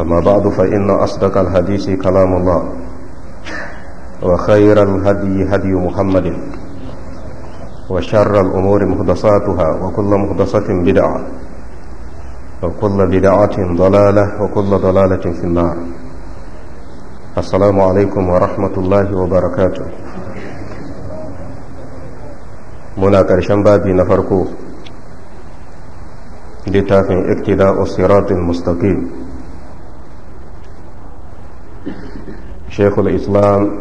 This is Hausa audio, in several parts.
أما بعد فإن أصدق الحديث كلام الله وخير الهدي هدي محمد وشر الأمور مهدساتها وكل مهدسة بدعة وكل بدعة ضلالة وكل ضلالة في النار السلام عليكم ورحمة الله وبركاته منا كرشن بابي نفركو لتافي اقتداء الصراط المستقيم شيخ الإسلام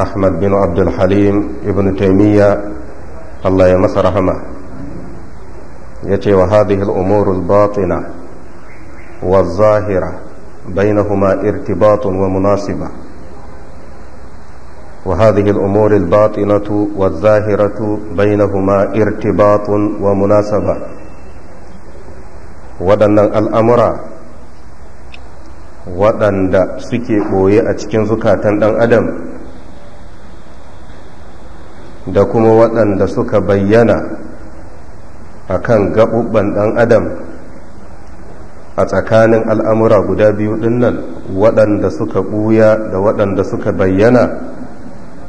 أحمد بن عبد الحليم ابن تيمية الله يمس رحمه يتي وهذه الأمور الباطنة والظاهرة بينهما ارتباط ومناسبة وهذه الأمور الباطنة والظاهرة بينهما ارتباط ومناسبة waɗannan al'amura waɗanda suke ɓoye a cikin zukatan ɗan adam da kuma waɗanda suka bayyana a kan gaɓuɓɓen ɗan adam a tsakanin al'amura guda biyu ɗin nan waɗanda suka ɓuya da waɗanda suka bayyana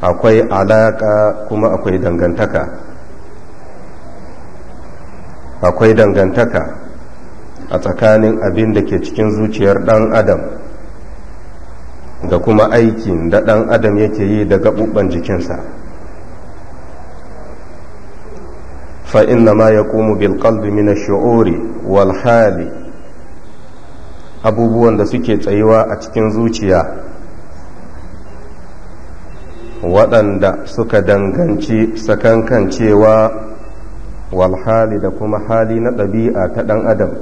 akwai alaƙa kuma akwai dangantaka akwai dangantaka a tsakanin abin da ke cikin zuciyar ɗan adam da kuma aikin da ɗan adam yake yi da gaɓuɓɓen jikinsa fa'inna ma ya ƙumu bilkalbi mina shi'ori walhali abubuwan da suke tsayuwa a cikin zuciya waɗanda suka danganci sakankan cewa walhali da kuma hali na ɗabi'a ta ɗan adam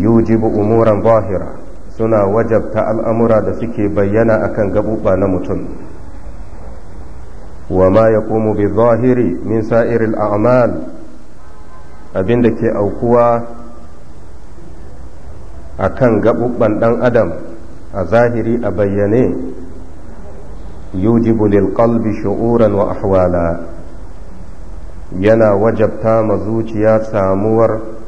yujibu umuran zahira suna wajabta al'amura da suke bayyana akan gaɓuɓa na mutum wa ma ya bi zahiri min sa'iril a'mal abin da ke aukuwa a kan ɗan adam a zahiri a bayyane yujibu lil ƙalbi shu'uran wa ahwala yana wajabta ma zuciya samuwar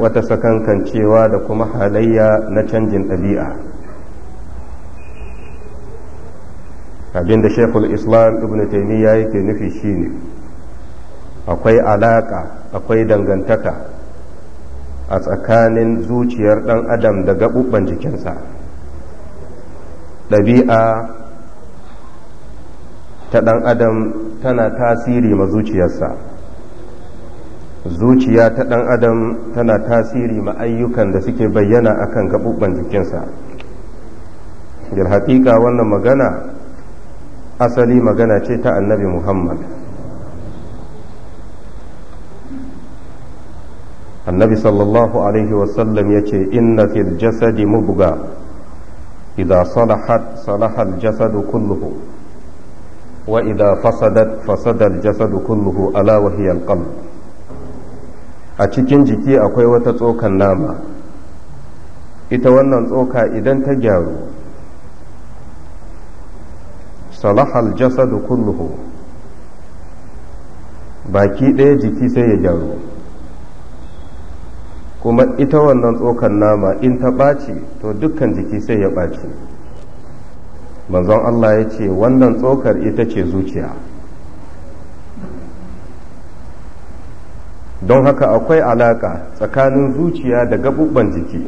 wata sakankancewa da kuma halayya na canjin ɗabi'a abinda shekul islam ibn taimiyya yake nufi shine akwai alaƙa akwai dangantaka a tsakanin zuciyar ɗan adam da gaɓuɓɓen jikinsa ɗabi'a ta ɗan adam tana tasiri ma zuciyarsa zuciya ta ɗan adam tana tasiri ma ayyukan da suke bayyana akan gaɓuɓɓen jikinsa bil haƙiƙa wannan magana asali magana ce ta annabi muhammad annabi sallallahu alaihi wasallam ya ce inna fil jasadi mubga idha salahat salahal jasadu kulluhu wa idha fasadat fasadar jasadu kulluhu ala wahiyal qalb a cikin jiki akwai wata tsokan nama ita wannan tsoka idan ta gyaru salahal jasadu kulluhu baki ɗaya jiki sai ya gyaru kuma ita wannan tsokan nama in ta ɓaci to dukkan jiki sai ya ɓaci manzon Allah ya ce wannan tsokar ita ce zuciya don haka akwai alaka tsakanin zuciya da gabubban jiki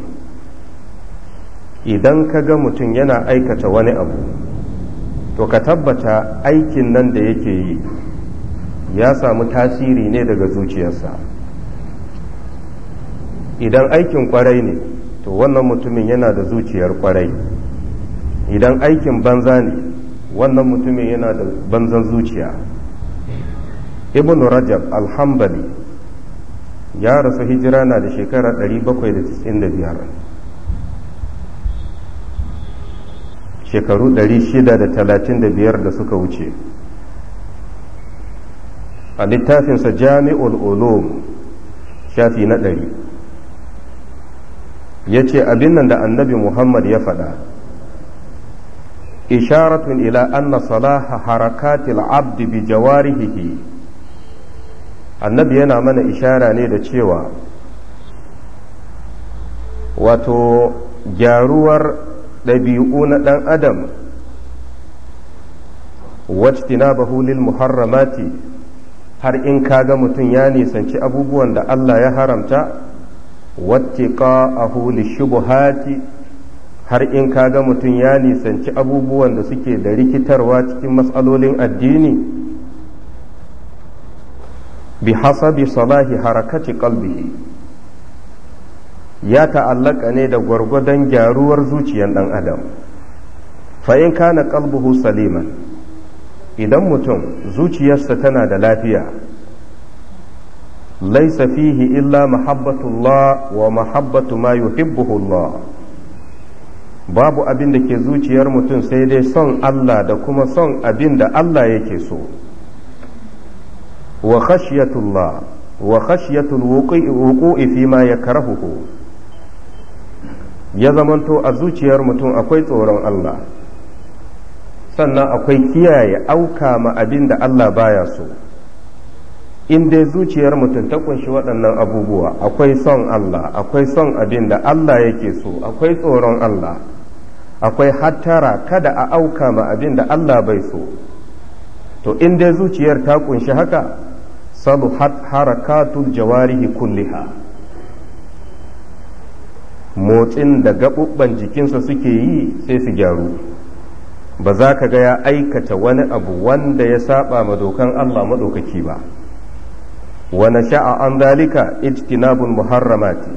idan ka ga mutum yana aikata wani abu to ka tabbata aikin nan da yake yi ya samu tasiri ne daga zuciyarsa idan aikin kwarai ne to wannan mutumin yana da zuciyar kwarai idan aikin banza ne wannan mutumin yana da banzan zuciya ibn rajab alhambali ya rasu hijira na da shekara 795 shekaru 635 da suka wuce a littafinsa jami'ul ulum shafi na ɗari ya ce abin nan da annabi muhammad ya faɗa isharatun ila anna salaha harakatil abdi bi jawarihihi annabi yana mana ishara ne da cewa wato gyaruwar ɗabi'u na ɗan adam wacce wajtina lil muharramati har in kaga mutum ya nisanci abubuwan da Allah ya haramta wacce wattiqa'ahu shubuhati har in kaga mutum ya nisanci abubuwan da suke da rikitarwa cikin matsalolin addini bihasabi salahi harakati qalbihi ya ta'allaka ne da gwargwadon gyaruwar zuciyar ɗan adam fa'in kana qalbuhu saliman idan mutum zuciyarsa tana da lafiya laisa fihi illa mahabbatullah wa mahabbatu ma yuhibbuhu babu abin da ke zuciyar mutum sai dai son Allah da kuma son abin da Allah yake so wa khashyatullah wa khashyatul wuqu'i fi ma yakrahuhu ya zamanto a zuciyar mutum akwai tsoron Allah sannan akwai kiyaye auka ma abinda Allah baya so in dai zuciyar mutum ta kunshi waɗannan abubuwa akwai son Allah akwai son abin da Allah yake so akwai tsoron Allah akwai hattara kada a auka ma abin da Allah bai so to in dai zuciyar ta kunshi haka salu harakatul jawarihi kulliha motsin da gaɓuɓɓan jikinsa suke yi sai su gyaru ba za ka ga ya aikata wani abu wanda ya saba ma dokan Allah maɗaukaki ba wani sha'a an zalika ijtinabul muharramati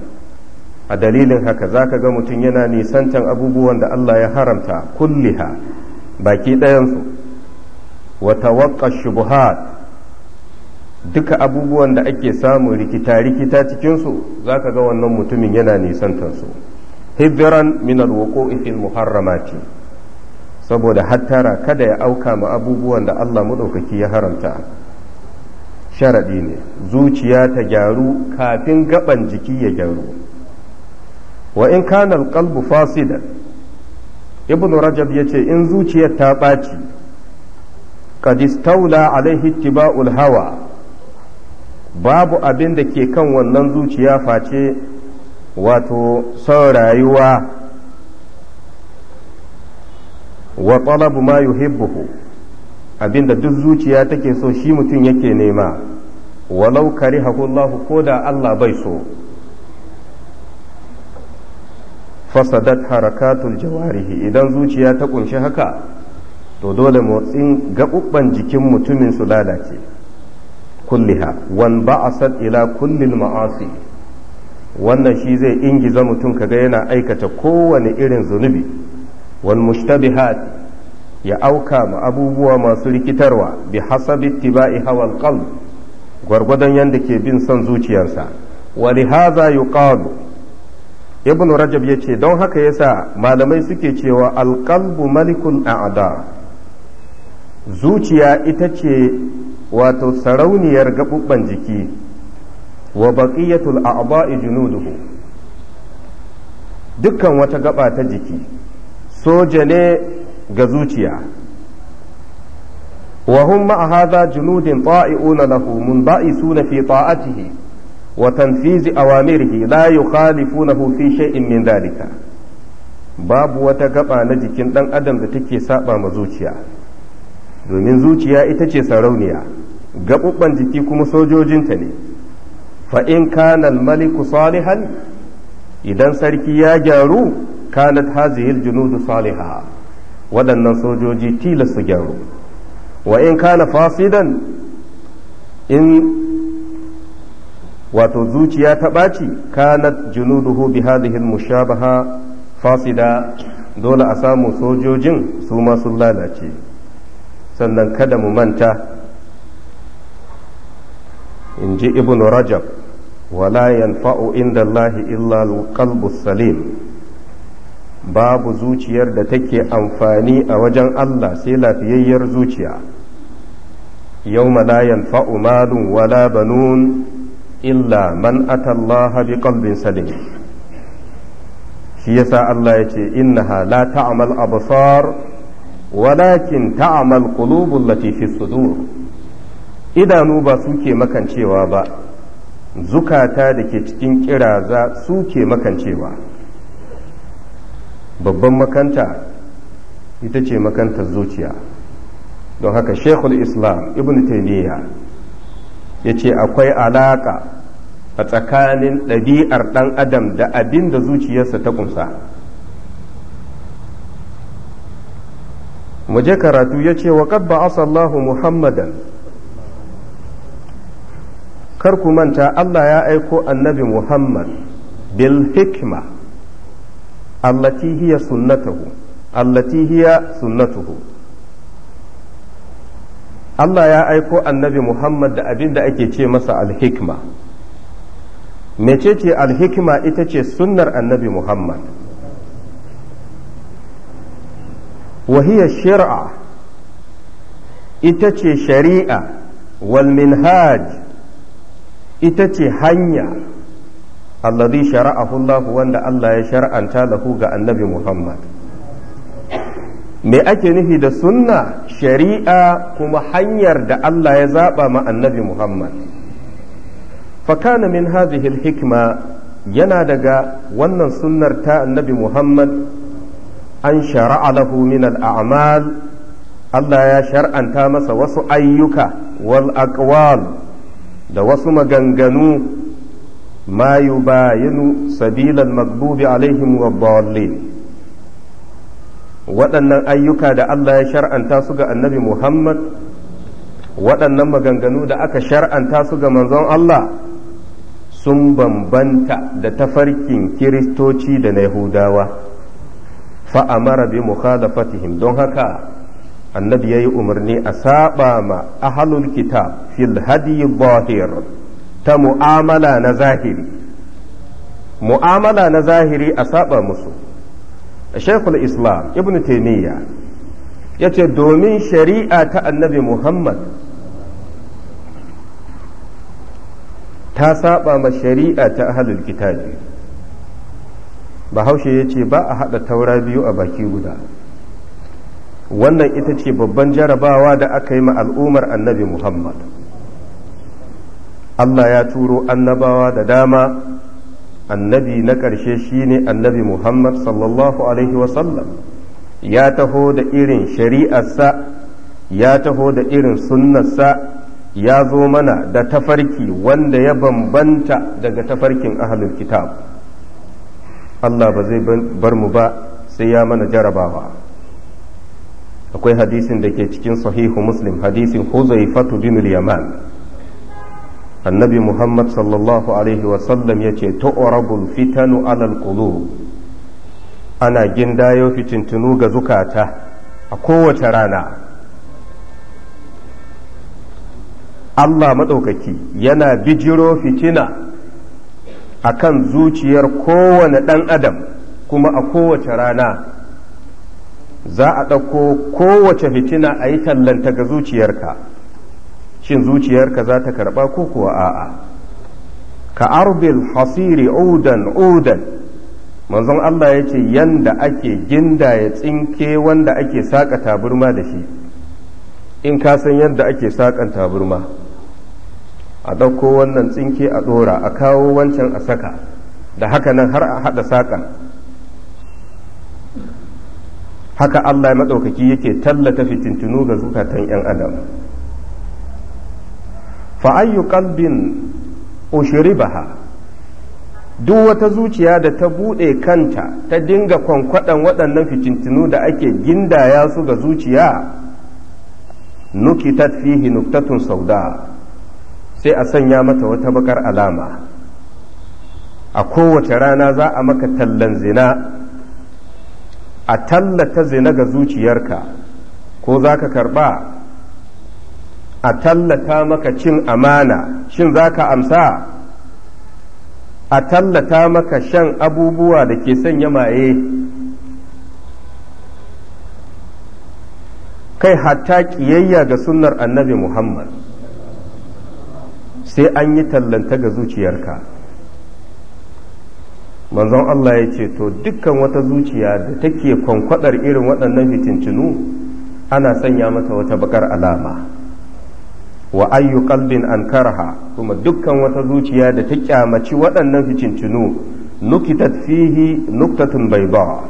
a dalilin haka za ka ga mutum yana nisantan abubuwan da Allah ya haramta kulliha baki ɗayansu wata waƙa shubuhat duka abubuwan da ake samun rikita-rikita cikinsu za ka ga wannan mutumin yana nisantansu hibiran minar wako ifin muharramati saboda hattara kada ya auka ma abubuwan da Allah maɗaukaki ya haramta sharaɗi ne zuciya ta gyaru kafin gaban jiki ya gyaru wa in kana alqalbu fasidar? ibn rajab ce in zuciyar ta ɓaci qad istawla alaihi hawa babu abin da ke kan wannan zuciya face wato son rayuwa wa talabu ma yuhibbuhu abin da duk zuciya take so shi mutum yake nema walau karihahu Allah ko da Allah bai so fasadat harakatul jawarihi idan zuciya ta kunshi haka to dole motsin gabubban jikin mutumin su lalace kulliha wan ba'asat ila kullil ma'asi wannan shi zai ingiza mutum kaga yana aikata kowane irin zunubi wal mushtabihat ya auka ma abubuwa masu rikitarwa bi hasabi tiba'i hawal qalb gwargwadon yanda ke bin son zuciyarsa wa hadha yuqalu ibnu rajab yace don haka yasa malamai suke cewa qalbu malikun a'da zuciya ita ce wato sarauniyar gaɓuɓɓen jiki wa baqiyatul a'ba'i junuduhu dukkan wata gaba ta jiki soja ne ga zuciya wa hum hadha junudin ta'i'una lahu ba'isuna fi ta'atihi wa tanfizi awamirihi la yukhalifunahu fi shay'in min dhalika babu wata gaba na jikin dan adam da take saba ma zuciya domin zuciya ita ce sarauniya gaɓuɓɓan jiki kuma sojojinta ne fa'in kanan maliku salihan idan sarki ya gyaru kanat hazihil junudu saliha waɗannan sojoji tilas su gyaru wa in kana fasidan in wato zuciya ta ɓaci kanat junuduhu bi hadihil mushabaha fasida dole a samu sojojin su ma sun lalace sannan kada mu manta in ji ibn rajab wala yanfa'u inda Allahi illa qalbu salim babu zuciyar da take amfani a wajen Allah sai lafiyayyar zuciya yawma la yanfa'u malun wala banun illa man atallaha biqalbin salim shi yasa Allah ya ce innaha la ta'mal absar walakin ta'mal qulubul lati fi sudur idanu ba suke makancewa ba zukata da ke cikin kiraza su ke makancewa babban makanta ita ce makantar zuciya don haka shekul islam ibn taimiyya ya ce akwai alaƙa a tsakanin ɗabi'ar ɗan adam da abin da zuciyarsa ta ƙunsa waje karatu ya ce wa ƙabba asallahu muhammadan kar ku manta Allah ya aiko annabi Muhammad bil hikma allati hiya sunnatuhu allati hiya sunnatuhu Allah ya aiko annabi Muhammad da abin da ake ce masa alhikma mecece alhikma ita ce sunnar annabi Muhammad وهي shari'a ita ce shari'a wal ita ce hanya alladhi shara'ahu Allah wanda Allah ya shar'anta lahu ga annabi Muhammad me ake nufi da sunna shari'a kuma hanyar da Allah ya zaba ma annabi Muhammad fakana min hadhihi yana daga wannan sunnar ta annabi Muhammad an shara'a lahu min al-a'mal Allah ya shar'anta masa wasu ayyuka wal aqwal da wasu maganganu ma bayanu sabilan magbubi alaihim wa waɗannan ayyuka da Allah ya shar'anta su ga annabi Muhammad waɗannan maganganu da aka shar'anta su ga manzon Allah sun bambanta da tafarkin kiristoci da na Yahudawa fa'amara bi mukhalafatihim don haka annabi ya yi umarni a saba ma ahalul kitab fil hadi zahir ta mu'amala na zahiri mu'amala na zahiri a saba musu shekul islam ibn taimiyya ya ce domin shari'a ta annabi muhammad ta saba ma shari'a ta ahalul kitabi bahaushe ya ce ba a haɗa taura biyu a baki guda wannan ita ce babban jarabawa da aka yi ma al'ummar annabi muhammad allah ya turo annabawa da dama annabi na ƙarshe shine annabi muhammad sallallahu alaihi wasallam ya taho da irin shari'arsa ya taho da irin sunnarsa ya zo mana da tafarki wanda ya bambanta daga tafarkin ahlul kitab allah ba zai bar mu ba sai ya mana jarabawa akwai hadisin da ke cikin sahihu muslim hadisin huzaifatu bin yaman annabi muhammad sallallahu alaihi wasallam ya ce ta'urabul fitanu alal kulu ana gindayo fitintunu ga zukata a kowace rana Allah maɗaukaki yana bijiro fitina a kan zuciyar kowane ɗan adam kuma a kowace rana za a ɗauko kowace fitina a yi tallanta ga zuciyarka shin zuciyarka za ta karɓa ko kuwa a'a ka arbil hasiri udan udan manzon Allah ya ce yanda ake ginda ya tsinke wanda ake saƙa taburma da shi in ka san yadda ake saƙan taburma a ɗauko wannan tsinke a ɗora a kawo wancan a saka da haka nan har a haɗa saƙan haka Allah maɗaukaki yake tallata fitintunu ga zukatan 'yan adam fa'ayyu kalbin ushribaha duk wata zuciya da ta buɗe kanta ta dinga kwankwaɗan waɗannan fitintunu da ake gindaya su ga zuciya nukitat fihi nuktatun sauda sai a sanya mata wata bakar alama a kowace rana za a maka tallan zina a tallata zina ga zuciyarka ko za ka karɓa a tallata maka cin amana shin za ka amsa a tallata maka shan abubuwa da ke sanya maye kai hatta ƙiyayya ga sunnar annabi muhammad sai an yi tallanta ga zuciyarka manzon Allah ya ce to dukkan wata zuciya da take kwankwadar irin waɗannan fitincinu ana sanya mata wata bakar alama wa ayyu qalbin ankarha kuma dukkan wata zuciya da ta kyamaci waɗannan fitincinu nukitat fihi nuktatun bayda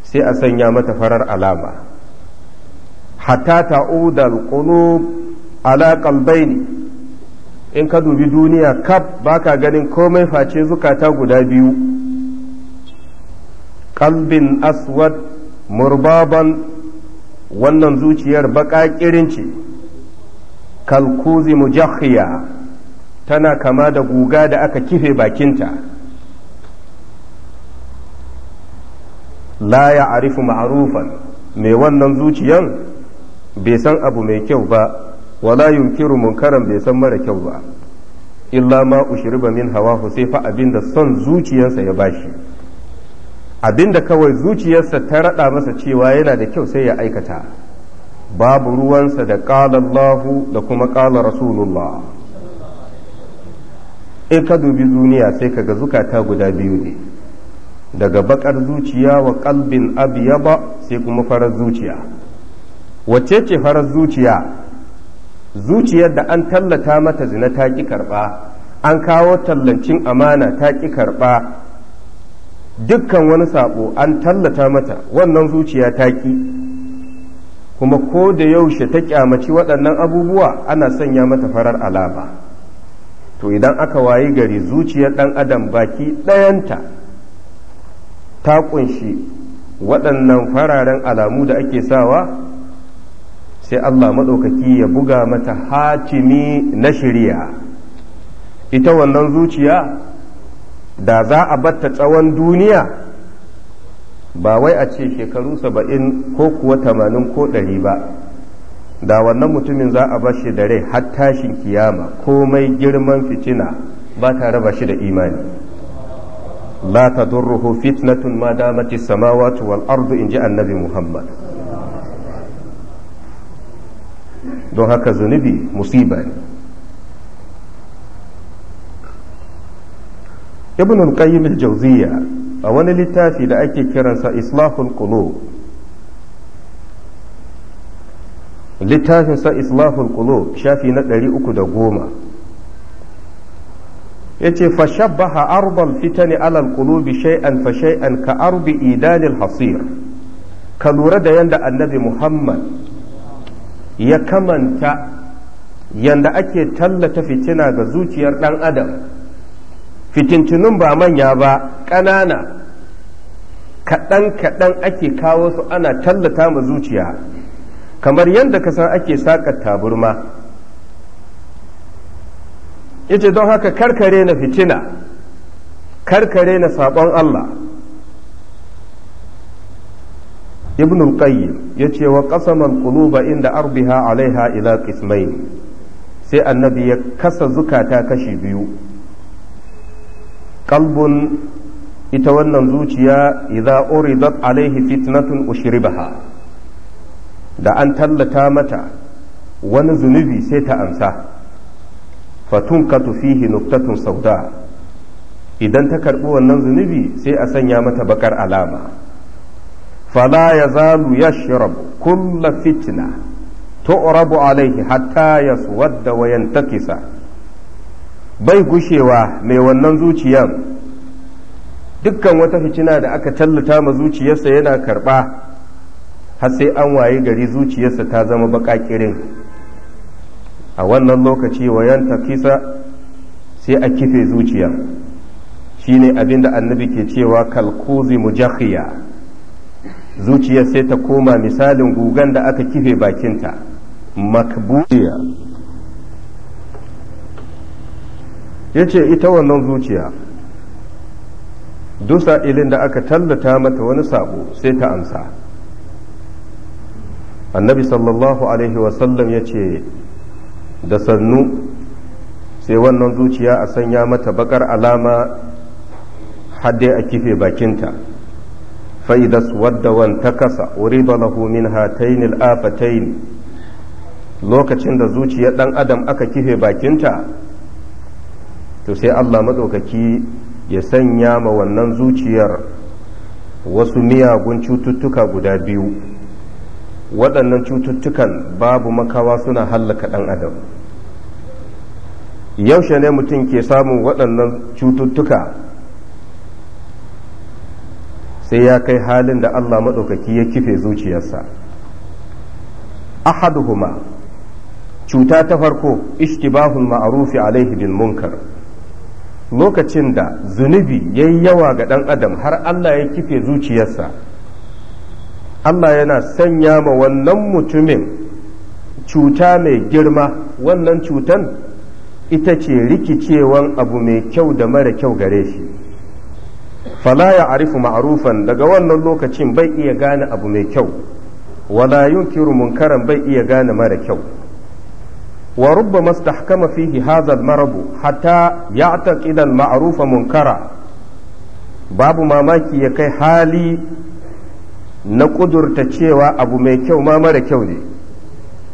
sai a sanya mata farar alama hatta ta'uda al-qulub ala qalbaini in ka dubi duniya kaf baka ganin komai face zukata guda biyu kalbin aswad murbaban wannan zuciyar baƙa ce kalkuzi mujahiya tana kama da guga da aka kife bakinta la ya arifu ma'arufan mai wannan zuciyan bai san abu mai kyau ba wala yunkiru munkaran bai san mara kyau ba illa ma ushriba min hawahu sai fa abinda son zuciyarsa ya bashi abinda kawai zuciyarsa ta rada masa cewa yana da kyau sai ya aikata babu ruwansa da qala Allahu da kuma qala Rasulullah in ka dubi duniya sai ka ga zukata guda biyu ne daga bakar zuciya wa kalbin abiyaba sai kuma farar zuciya wacce ce farar zuciya zuciyar da an tallata mata zina ta ƙi karɓa an kawo tallancin amana ta ƙi karɓa dukkan wani saɓo an tallata mata wannan zuciya ta ƙi kuma ko da yaushe ta kyamaci waɗannan abubuwa ana sanya mata farar alaba to idan aka wayi gari zuciyar ɗan adam baki ɗayanta ta ƙunshi waɗannan fararen alamu da ake sawa sai Allah maɗaukaki ya buga mata hatimi na shirya ita wannan zuciya da za a batta tsawon duniya ba wai a ce shekaru saba'in ko kuwa tamanin ko ɗari ba da wannan mutumin za a bashi da rai har tashin kiyama komai girman fitina ba ta raba shi da imani لا ma فتنة ما samawatu wal ardu in ji annabi Muhammad. don haka zunubi musiba ne ibn al-qayyim al a wani littafi da ake kiransa islahul qulub littafin sa islahul qulub shafi na 310 yace fa shabbaha arbal fitani ala al-qulubi shay'an fa shay'an ka arbi idanil hasir ka lura da yanda annabi muhammad ya kamanta yanda ake tallata fitina ga zuciyar ɗan adam fitintunin ba manya ba ƙanana kaɗan-kaɗan ake kawo su ana tallata ma zuciya kamar yadda ka san ake saƙa taburma ita don haka karkare na fitina karkare na saɓon Allah ibn al-qayyim yace wa qasama al-quluba inda arbiha alaiha ila qismayn sai annabi ya kasa zukata kashi biyu qalbun ita wannan zuciya idza uridat alaihi fitnatun ushribaha da an tallata mata wani zunubi sai ta amsa fatunkatu fihi nuktatun sauda idan ta karɓi wannan zunubi sai a sanya mata bakar alama fala ya zalu yashrab kulla fitna tu'rabu alaihi hatta yaswadda wa yantakisa bai gushewa mai wannan zuciyan dukkan wata fitina da aka tallata ma zuciyarsa yana karba har sai an waye gari zuciyarsa ta zama baƙaƙirin a wannan lokaci wayanta kisa sai a kife zuciya shine abinda annabi ke cewa kalkuzi mujahiya. zuciyar sai ta koma misalin gugan da aka kife bakinta makbuliya ya ce ita wannan zuciya dusa ilin da aka tallata mata wani sabo sai ta amsa annabi sallallahu alaihi wasallam ya ce da sannu sai wannan zuciya a sanya mata bakar alama hadde a kife bakinta faidas فإذا اسود وانتكس أريد له من هاتين الآفتين lokacin da zuciyar ɗan adam aka kife bakinta to sai Allah maɗaukaki ya sanya ma wannan zuciyar wasu miyagun cututtuka guda biyu waɗannan cututtukan babu makawa suna hallaka ɗan adam yaushe ne mutum ke samun waɗannan cututtuka sai ya kai halin da Allah maɗaukaki ya kife zuciyarsa ahaduhuma cuta ta farko ishtibahul ma'arufi alaihi bil munkar lokacin da zunubi ya yi yawa ga ɗan adam har Allah ya kife zuciyarsa Allah yana sanya ma wannan mutumin cuta mai girma wannan cutan ita ce rikicewan abu mai kyau da mara kyau gare shi fala ya arifu ma'arufan daga wannan lokacin bai iya gane abu mai kyau wala yunkiru munkaran bai iya gane mara kyau wa rubba mastahkama fihi hadha marabu hatta ya'taqida al-ma'rufa munkara babu mamaki ya kai hali na kudurta cewa abu mai kyau ma mara kyau ne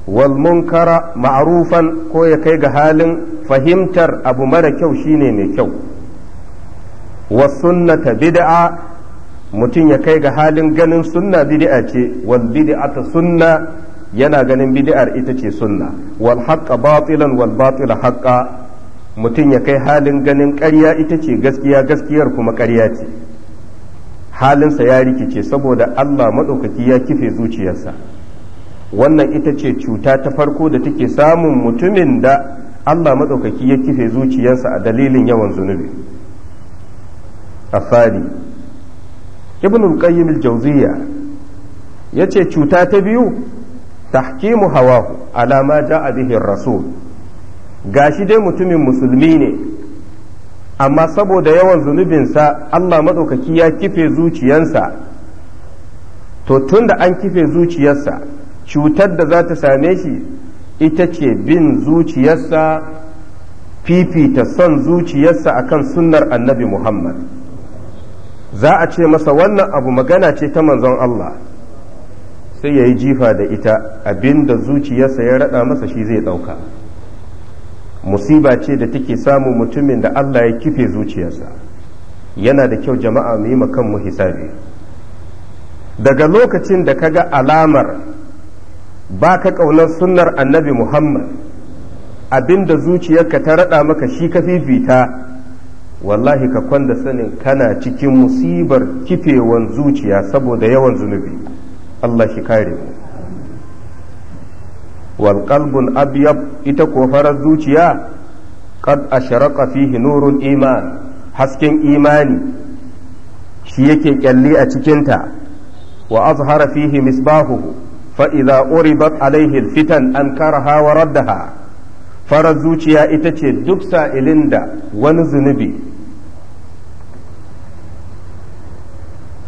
wal munkara ma'rufan ko ya kai ga halin fahimtar abu mara kyau shine mai kyau wa sunnata bid'a mutum ya kai ga halin ganin sunna bid'a ce wal bid'atu sunna yana ganin bid'ar ita ce sunna wal haqqa batilan wal batila mutum ya kai halin ganin ƙarya ita ce gaskiya gaskiyar kuma ƙarya ce halinsa ya rikice saboda Allah maɗaukaki ya kife zuciyarsa wannan ita ce cuta ta farko da take samun mutumin da Allah maɗaukaki ya kife zuciyarsa a dalilin yawan zunubi. الثاني ابن القيم الجوزية يتي تشوتا تبيو تحكيم هواه على ما جاء به الرسول gashi dai mutumin musulmi ne amma saboda yawan zunubinsa Allah maɗaukaki ya kife zuciyarsa to tun da an kife zuciyarsa cutar da za ta same shi ita ce bin zuciyarsa fifita son zuciyarsa akan sunnar annabi Muhammad za a ce masa wannan abu magana ce ta manzon Allah sai ya yi jifa da ita abinda zuciyarsa ya raɗa masa shi zai ɗauka musiba ce da take samun mutumin da Allah ya kife zuciyarsa yana da kyau jama'a mu yi mu hisabi daga lokacin da ka ga alamar ba ka ƙaunar sunnar annabi muhammad abinda zuciyarka ta raɗa maka shi ka fifita wallahi ka kwanda sanin kana cikin musibar kifewan zuciya saboda yawan zunubi Allah shi kare mu wal qalbul abyab ita ko farar zuciya qad ashraqa fihi nurul iman hasken imani shi yake kyalli a cikinta wa azhara fihi misbahuhu fa idza uribat alaihi alfitan ankaraha wa raddaha farar zuciya ita ce duk sa'ilin da wani zunubi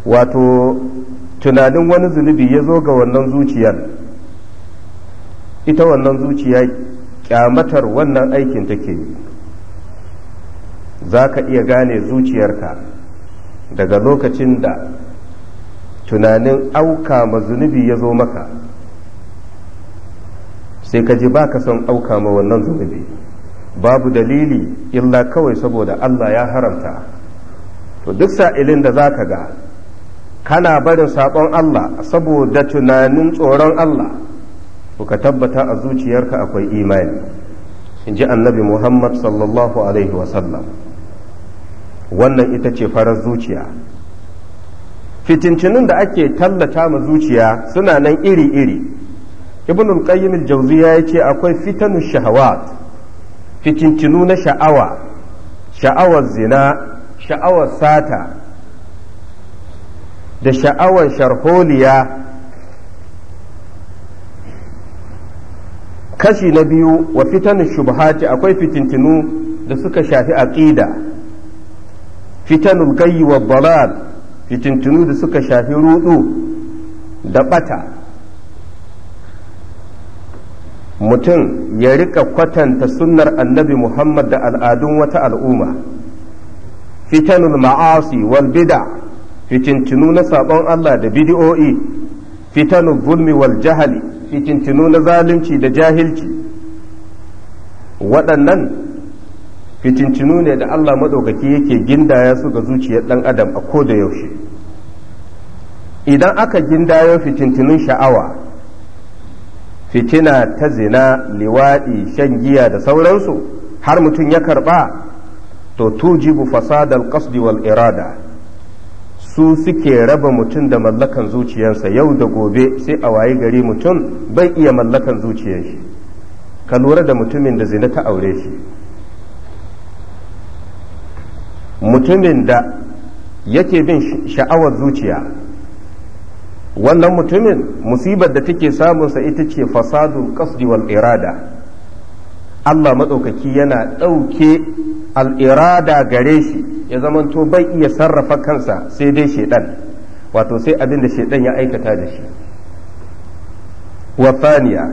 wato tunanin wani zunubi ya zo ga wannan zuciyar ita wannan zuciya kyamatar wannan aikin take yi za ka iya gane zuciyarka daga lokacin da tunanin auka ma zunubi ya zo maka sai ka ji ba ka son auka ma wannan zunubi babu dalili illa kawai saboda Allah ya haramta to duk sa'ilin da za ka ga kana barin saɓon Allah saboda tunanin tsoron Allah to ka tabbata a zuciyarka akwai imani in ji annabi Muhammad sallallahu alaihi wasallam wannan ita ce farar zuciya fitincinin da ake tallata ma zuciya suna nan iri-iri ibnul qayyim al-jawziya ya ce akwai fitanu shahawat fitincinu na sha'awa sha'awar zina sha'awar sata da sha'awar sharholiya kashi na biyu wa fitanin shubhati akwai fitintinu da suka shafi aqida fitanul gayyi wa dalal fitintinu da suka shafi rudu da bata mutum ya rika kwatanta sunnar annabi muhammad da al'adun wata al'umma fitanul ma'asi wal bid'a fitintinu na sabon Allah da bidiyo'i fitanu zulmi wal jahali fitintinu na zalunci da jahilci waɗannan fitintinu ne da Allah maɗaukaki yake gindaya su ga zuciyar ɗan adam a ko da yaushe idan aka gindayo fitintinun sha'awa fitina ta zina liwaɗi shan giya da sauransu har mutum ya karɓa to tujibu fasadal qasdi wal irada su suke raba mutum da mallakan zuciyarsa yau da gobe sai a wayi gari mutum bai iya mallakan zuciyar shi ka lura da mutumin da zina ta aure shi mutumin da yake bin sha'awar zuciya wannan mutumin musibar da take samunsa ita ce fasadun kasdi wal irada Allah maɗaukaki yana ɗauke al'irada gare shi ya zamanto bai iya sarrafa kansa sai dai shaidan wato sai abin da shaidan ya aikata da shi wafaniya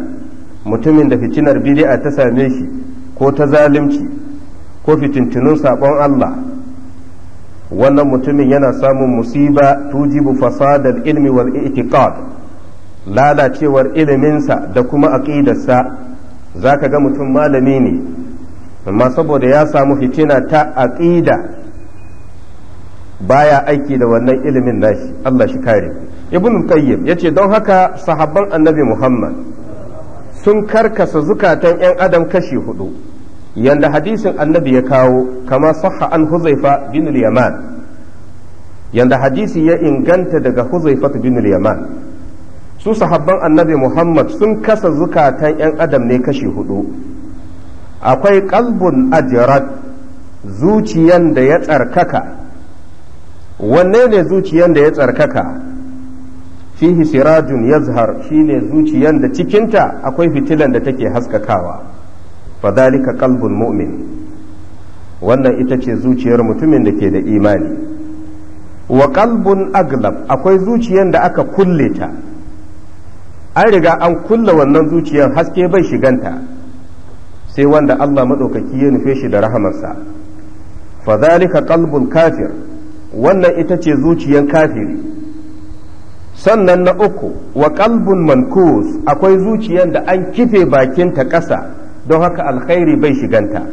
mutumin da fitinar bidi'a ta same shi ko ta zalunci ko fitintunun saƙon Allah wannan mutumin yana samun musiba tujibu fasadar ilmi wal i'tiqad lalacewar iliminsa da kuma aƙidarsa za ka ga mutum malami ne amma saboda ya samu fitina ta aqida baya aiki da wannan ilimin nashi Allah shi kare ibn qayyim yace don haka sahabban annabi muhammad sun karkasa zukatan yan adam kashi hudu yanda hadisin annabi ya kawo kama sahha an huzaifa bin yaman yanda hadisi ya inganta daga huzaifa bin yaman su sahabban annabi muhammad sun kasa zukatan yan adam ne kashi hudu akwai kalbun ajirat zuciyan da ya tsarkaka wanne ne zuciyan da ya tsarkaka fihi sirajun yazhar shine zuciyan da cikinta akwai fitilan da take haskakawa fadhalika kalbun mu'min wannan ita ce zuciyar mutumin da ke da imani wa kalbun aglab akwai zuciyan da aka kulle ta an riga an kulle wannan zuciyar haske bai shiganta sai wanda Allah maɗaukaki ya nufe shi da rahamarsa fa zalika qalbul kafir wannan ita ce zuciyan kafiri sannan na uku wa qalbun mankus akwai zuciyan da an kife bakinta ƙasa don haka alkhairi bai shiganta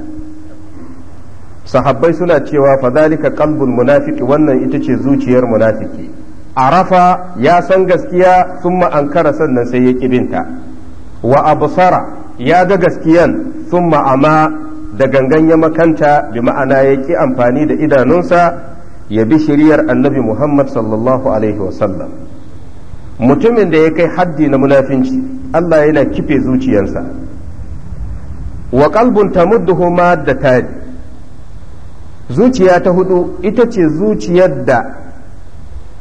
sahabbai suna cewa fa zalika qalbul munafiki wannan ita ce zuciyar munafiki arafa ya san gaskiya summa ankara sannan sai ya kibinta wa absara ya ga gaskiyan sun ma'ama da gangan ya makanta bi ma'ana ya ƙi amfani da idanunsa ya bi shiriyar annabi Muhammad sallallahu Alaihi wasallam mutumin da ya kai haddi na munafinci Allah yana kife zuciyarsa wa kalbun tamudduhu da tari zuciya ta hudu ita ce zuciyar da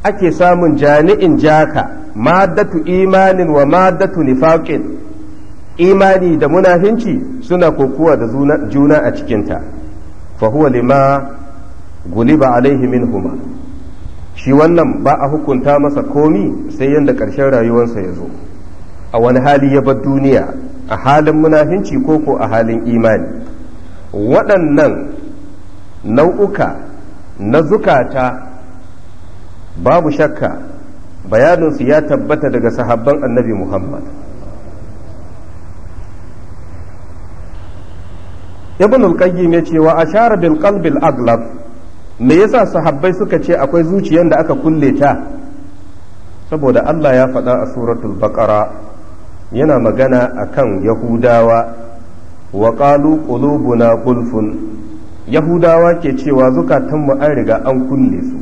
ake samun jani'in jaka maddatu imanin wa maddatu nifaqin imani da munafinci suna kokuwa da juna a cikinta fa huwa lima guliba alaihi minhuma shi wannan ba a hukunta masa komi sai yadda ƙarshen rayuwarsa ya zo a wani hali ya bar duniya a halin munafinci ko ko a halin imani waɗannan nau'uka na zukata babu shakka bayaninsu ya tabbata daga sahabban annabi muhammad ibn al-qayyim ya ce wa ashara bil qalbi al me yasa sahabbai suka ce akwai zuciyar da aka kulle ta saboda Allah ya faɗa a suratul baqara yana magana akan yahudawa wa qalu qulubuna qulfun yahudawa ke cewa zukatanmu an riga an kulle su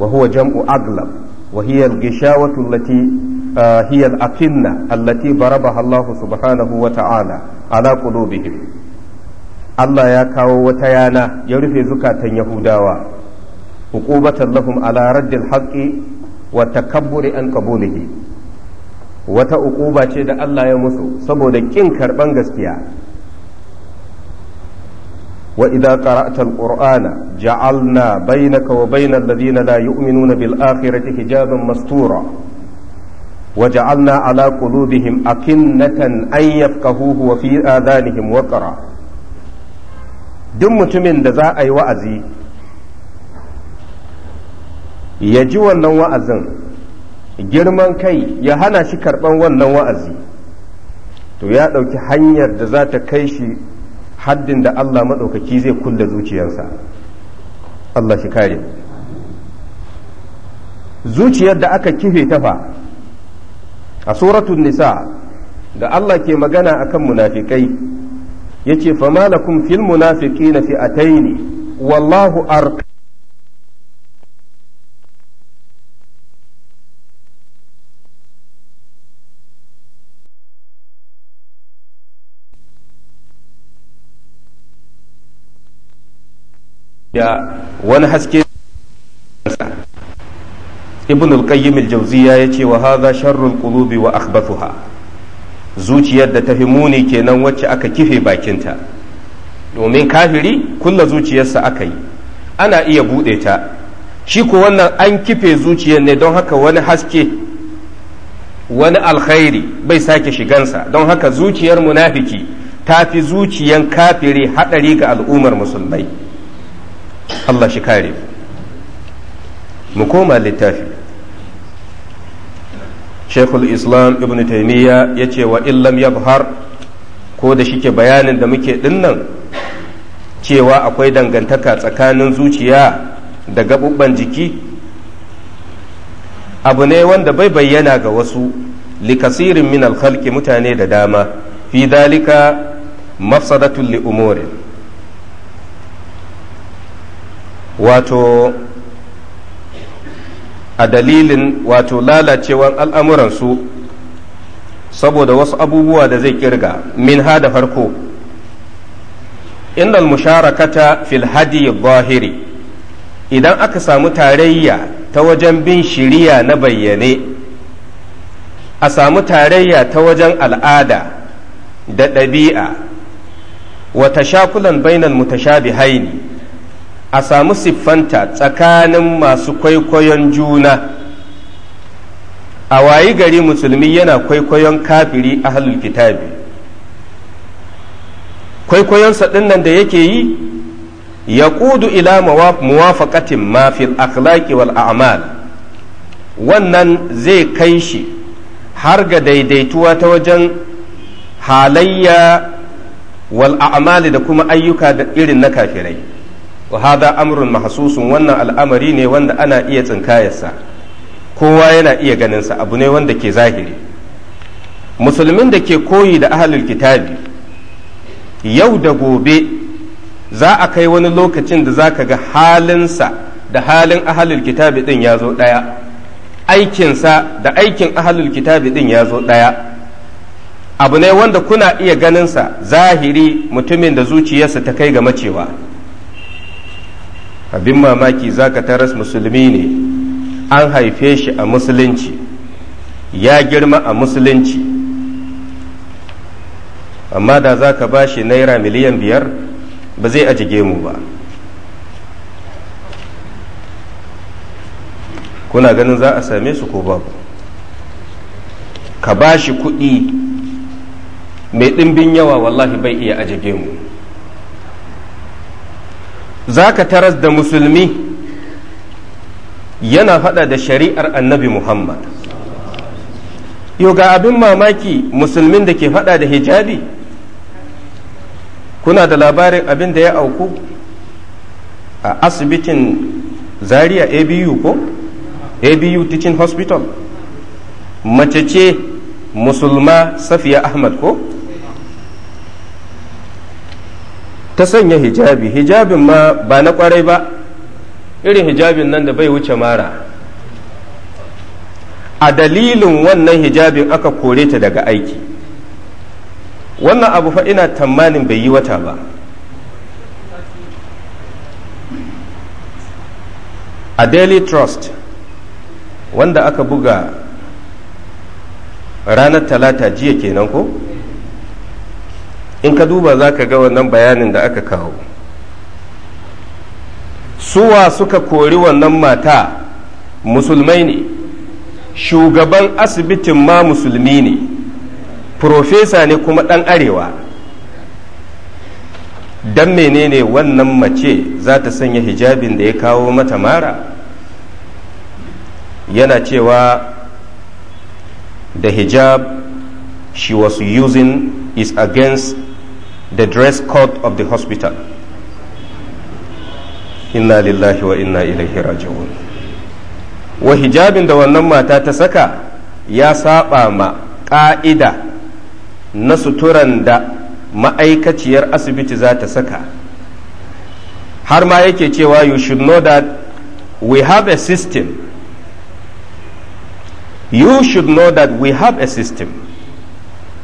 wa huwa jam'u aglab wa hiya al-gishawatu allati هي الأكنة التي ضربها الله سبحانه وتعالى على قلوبهم Allah ya kawo wata yana ya rufe zukatan Yahudawa, hukubatan lahum ala raddil haƙƙi wa takabburi an qabulihi wata ukuba ce da Allah ya musu saboda ƙin karɓan gaskiya. wa idza qara'ta al-qur'ana ja'alna bainaka wa bainal ladina la yu'minuna bil akhirati hijaban mastura وجعلنا على قلوبهم أكنة أن يفقهوه وفي آذانهم وقرا duk mutumin da za a yi wa'azi ya ji wannan wa'azin girman kai ya hana shi karɓan wannan wa'azi to ya ɗauki hanyar da za ta kai shi haddin da Allah maɗaukaki zai kulle zuciyarsa Allah shi kare zuciyar da aka kife tafa a suratun nisa da Allah ke magana akan munafikai yace fa malakum fil munafiqina fi'ataini wallahu arka ya wani haske ibn al-qayyim al-jawziya yace wa hadha sharrul qulubi wa akhbathuha zuciyar da ta fi muni kenan wacce aka kife bakinta domin kafiri kulla zuciyarsa aka yi ana iya buɗe ta shi ko wannan an kife zuciyar ne don haka wani haske wani alkhairi bai sake shigansa don haka zuciyar munafiki ta fi zuciyar kafiri haɗari ga al'ummar musulmai Allah shi kare mu koma littafi shekul islam ibn taimiyya ya ce wa illam yabhar ko da shike bayanin da muke dinnan cewa akwai dangantaka tsakanin zuciya da gaɓuɓɓen jiki abu ne wanda bai bayyana ga wasu likasirin min alkhalki mutane da dama fi dalika mafsadatun li umurin wato a dalilin wato lalacewan al'amuransu saboda wasu abubuwa da zai kirga min ha da farko innal musharakata fil hadi zahiri idan aka samu tarayya ta wajen bin shiriya na bayyane a samu tarayya ta wajen al'ada da ɗabi'a wata shakulan bainal mutashabihaini a samu siffanta tsakanin masu kwaikwayon juna a wayi gari musulmi yana kwaikwayon kafiri a halul kitabi kwaikwayonsa ɗinnan da yake yi ya ƙudu ila muwafaƙatin mafi akhlaqi wal a'mal wannan zai kai shi har ga daidaituwa ta wajen halayya wal a'mali da kuma ayyuka da irin na kafirai wa hada amrun mahsusun wannan al'amari ne wanda ana iya tsinkayarsa kowa yana iya ganinsa abu ne wanda ke zahiri musulmin da ke koyi da ahalul kitabi yau da gobe za a kai wani lokacin da za ka ga halinsa da halin ahalul kitabi din ya zo ɗaya aikinsa da aikin ahalul kitabi din ya zo ɗaya abu ne wanda kuna iya ganinsa zahiri mutumin da zuciyarsa ta kai ga macewa abin mamaki za zaka taras musulmi ne an haife shi a musulunci ya girma a musulunci amma da za ka ba shi naira miliyan biyar ba zai ajige mu ba kuna ganin za a same su ko babu ka ba shi kuɗi mai ɗimbin yawa wallahi bai iya ajige mu za ka taras da musulmi yana faɗa da shari'ar annabi muhammad yau ga abin mamaki musulmin da ke faɗa da hijabi kuna da labarin abin da ya auku a asibitin zaria abu ko abu teaching hospital mace ce musulma safiya ahmad ko ta sanya hijabi hijabin ma ba na kwarai ba irin hijabin nan da bai wuce mara a dalilin wannan hijabin aka kore ta daga aiki wannan abu fa ina tamanin bai yi wata ba a daily trust wanda aka buga ranar talata jiya kenan ko? in ka duba za ka ga wannan bayanin da aka kawo suwa suka kori wannan mata musulmai ne shugaban asibitin ma musulmi ne profesa ne kuma ɗan arewa don menene wannan mace za ta sanya hijabin da ya kawo mata mara yana cewa da hijab she was using is against the dress code of the hospital. Inna lillahi wa inna ilaihi raji'un. Wa hijabin da wannan mata ta saka ya saba ma ƙa'ida na suturan da ma'aikaciyar asibiti za ta saka. Har ma yake cewa you should know that we have a system. You should know that we have a system.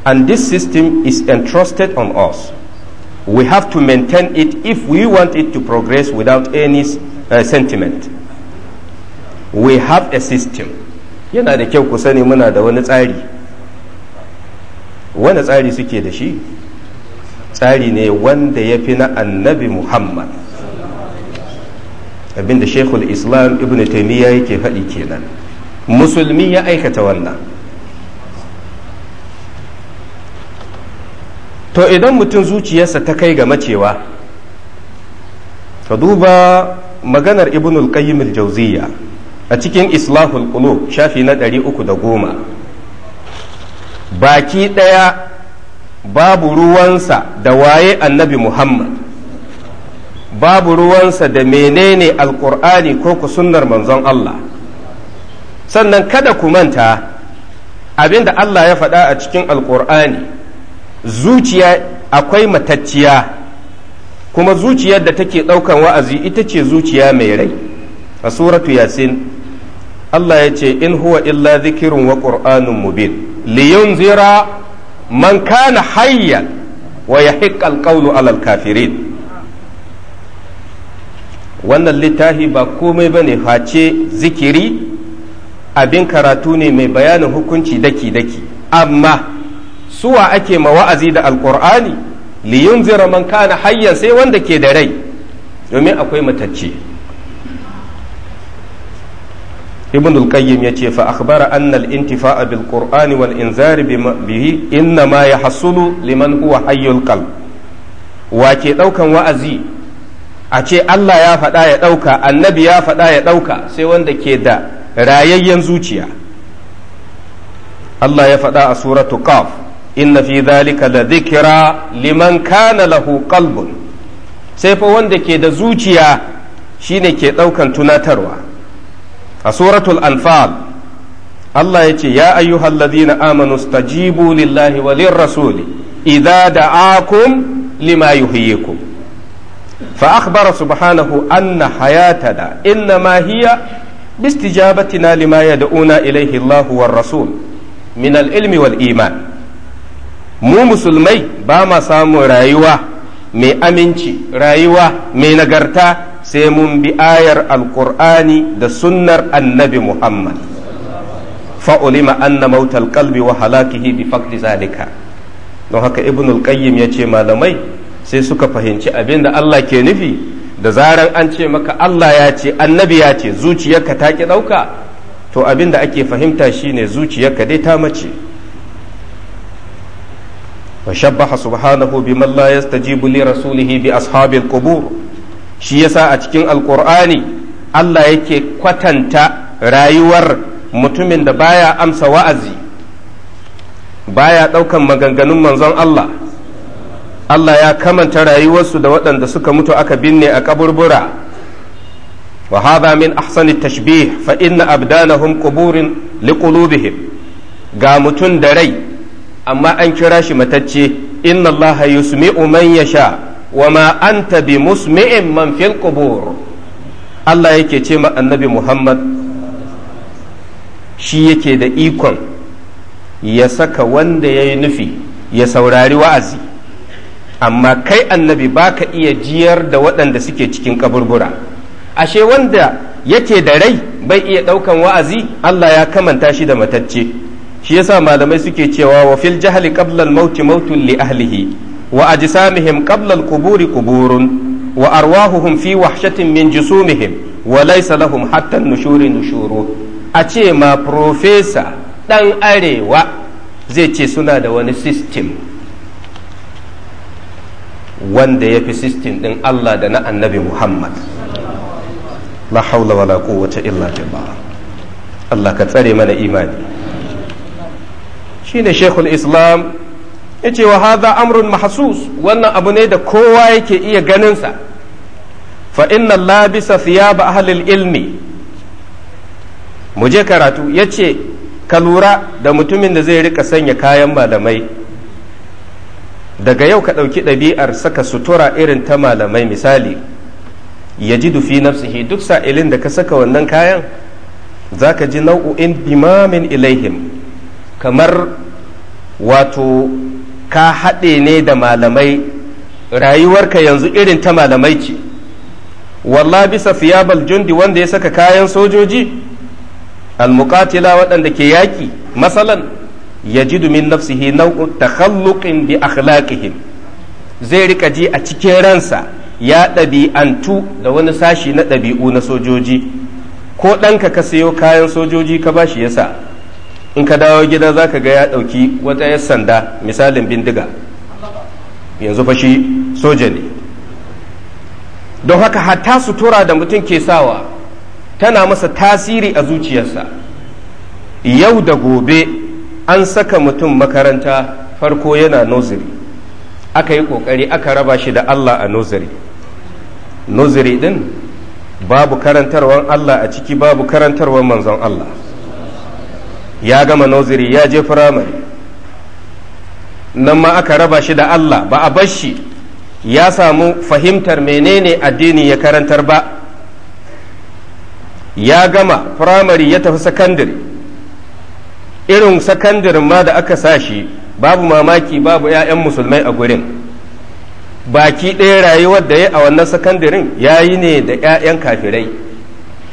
And this system is entrusted on us. we have to maintain it if we want it to progress without any uh, sentiment we have a system yana da kyau ku sani muna da wani tsari wani tsari suke da shi tsari ne wanda ya fi na annabi muhammad abinda shekul islam ibn taimiyya yake faɗi kenan musulmi ya aikata wannan to idan mutum zuciyarsa ta kai ga macewa ka duba maganar ibnul qayyim al-jawziya a cikin islahul qulub shafi na 310 baki daya babu ruwansa da waye annabi muhammad babu ruwansa da menene alkur'ani ko ku sunnar manzon allah sannan kada ku manta abinda allah ya faɗa a cikin alkur'ani zuciya akwai matacciya kuma zuciyar da take ɗaukan wa'azi ita ce zuciya mai rai a suratu yasin Allah ya ce in huwa illa zikirun wa ƙur'anun mubin zira man kana hayya wa yahiqqal qawlu alal kafirin wannan littafi ba komai bane face zikiri abin karatu ne mai bayanin hukunci daki-daki amma suwa ake ma wa'azi da alqur'ani li yunzira man kana hayyan sai wanda ke da rai domin akwai matacce ibn al-qayyim ce fa akhbara anna al-intifa'a bil qur'ani wal inzari bihi inna ma yahsulu liman huwa hayyul qalb wa ke daukan wa'azi a ce Allah ya faɗa ya ɗauka annabi ya faɗa ya ɗauka sai wanda ke da rayayyen zuciya Allah ya faɗa a suratu qaf inna fi zalika la dhikra liman kana lahu qalbun sai fa wanda ke da zuciya shine ke daukan tunatarwa a suratul anfal Allah ya ce ya ayyuhal ladina amanu stajibu lillahi wa lirrasuli idza da'akum lima ku. fa akhbara subhanahu anna hayatana innama hiya باستجابتنا لما يدعونا إليه الله والرسول ilmi wal iman. mu musulmai ba ma samun rayuwa mai aminci rayuwa mai nagarta sai mun bi ayar alkur'ani da sunnar annabi muhammad fa'ulima anna mautal wahala wa halakihi bi faqdi zalika don haka Ibn qayyim ya ce malamai sai suka fahimci abin da allah ke nufi da zarar an ce maka allah ya ce annabi ya ce zuciyarka ta ki ɗauka to abin da ake fahimta shine zuciyarka dai ta mace فشبه سبحانه بمن لا يستجيب لرسوله بأصحاب القبور shi yasa a cikin alkur'ani Allah yake kwatanta rayuwar mutumin da baya amsa wa'azi baya ɗaukan maganganun manzon Allah Allah ya kamanta rayuwarsu da waɗanda suka mutu aka binne a kaburbura wa hadha min ahsani tashbih fa inna abdanahum quburin liqulubihim ga mutum da rai amma an kira shi matacce inna allaha yusmi'u man yasha wa ma anta bi musmi'in man fil qubur Allah yake ce ma annabi Muhammad shi yake da ikon ya saka wanda ya yi nufi ya saurari wa'azi amma kai annabi ba ka iya jiyar da waɗanda suke cikin kaburbura ashe wanda yake da rai bai iya ɗaukan wa'azi Allah ya kamanta shi da matacce shi yasa malamai suke cewa wa fil jahli qabla al mauti mautun li ahlihi wa ajsamihim qabla al quburi quburun wa arwahuhum fi wahshatin min jusumihim wa laysa lahum hatta nushuri nushuru a ce ma profesa dan arewa zai ce suna da wani system wanda ya fi system din Allah da na annabi Muhammad la haula wala quwwata illa billah Allah ka tsare mana imani shine shekul islam ya ce wa haza amrun mahsus wannan abu ne da kowa yake iya ganinsa fa inna labisa thiyaba ahlil ilmi mu je karatu ya ce ka lura da mutumin da zai rika sanya kayan malamai daga yau ka ɗauki ɗabi'ar saka sutura irin ta malamai misali ya ji dufi nafsihi duk sa'ilin da ka saka wannan kayan za ka ji nau'u'in bimamin ilaihim kamar wato ka haɗe ne da malamai rayuwarka yanzu irin ta malamai ce walla bisa fiyabal jundi wanda ya saka kayan sojoji almuqatila waɗanda ke yaƙi masalan yajidu min nafsihi nau'un takhalluqin bi akhlaqihim zai rika ji a cikin ransa ya ɗabi'antu da wani sashi na ɗabi'u na sojoji ko ɗanka ka sayo kayan sojoji ka bashi yasa in ka dawo gida za ka ga ya ɗauki wata 'yan sanda misalin bindiga yanzu fa shi soja ne don haka hatta sutura da mutum ke sawa tana masa tasiri a zuciyarsa yau da gobe an saka mutum makaranta farko yana noziri aka yi kokari aka raba shi da Allah a noziri noziri din babu karantarwar Allah a ciki babu karantarwar manzon Allah ya gama noziri ya je firamare nan ma aka raba shi da Allah ba a bar shi ya samu fahimtar menene addini ya karantar ba ya gama firamare ya tafi sakandare irin sakandare ma da aka sa shi babu mamaki babu 'ya'yan musulmai a gurin baki ɗaya rayuwar da ya a wannan sakandarin ya yi ne da 'ya'yan kafirai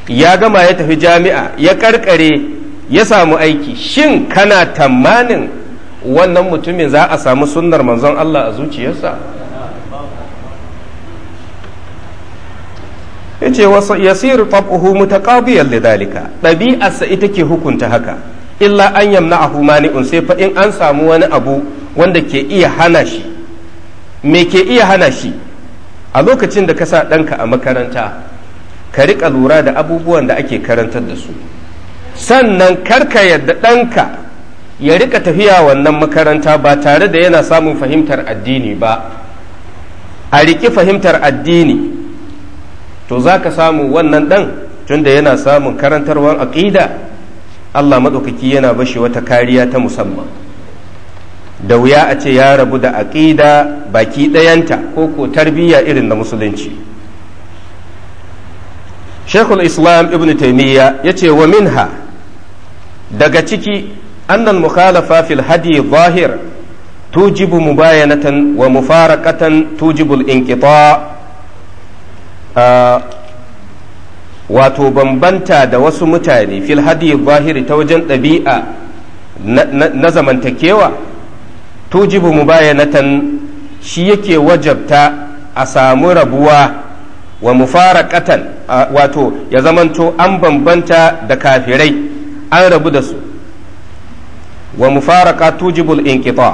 ya gama ya tafi jami'a ya karkare ya samu aiki shin kana tamanin wannan mutumin za a samu sunnar manzon Allah a zuciyarsa ya ce wasu yasir tab'uhu mutaqabiyan lidalika ɗabi'arsa ita ke hukunta haka illa an yamna'ahu mani'un sai fa in an samu wani abu wanda ke iya hana shi me ke iya hana shi a lokacin da ka sa ɗanka a makaranta ka riƙa lura da abubuwan da ake karantar da su sannan karka yadda ɗanka ya rika tafiya wannan makaranta ba tare da yana samun fahimtar addini ba a riki fahimtar addini to za ka samu wannan ɗan tunda yana samun karantarwar aƙida Allah maɗaukaki yana bashi wata kariya ta musamman da wuya a ce ya rabu da aƙida baki ɗayanta ko ko tarbiyya irin na musulunci shekul islam ibn taimiyya ya ce wa minha daga ciki annal mukhalafa fil hadi zahir tujibu mubayanatan wa mufaraqatan tujibul inqita ah, wato bambanta da wasu mutane fil hadi zahiri ta wajen ɗabi'a na zamantakewa tujibu mubayanatan shi yake wajabta a samu rabuwa wa mufaraqatan ah, wato ya zamanto an bambanta da kafirai an rabu da su wa mufaraka tujibul inqita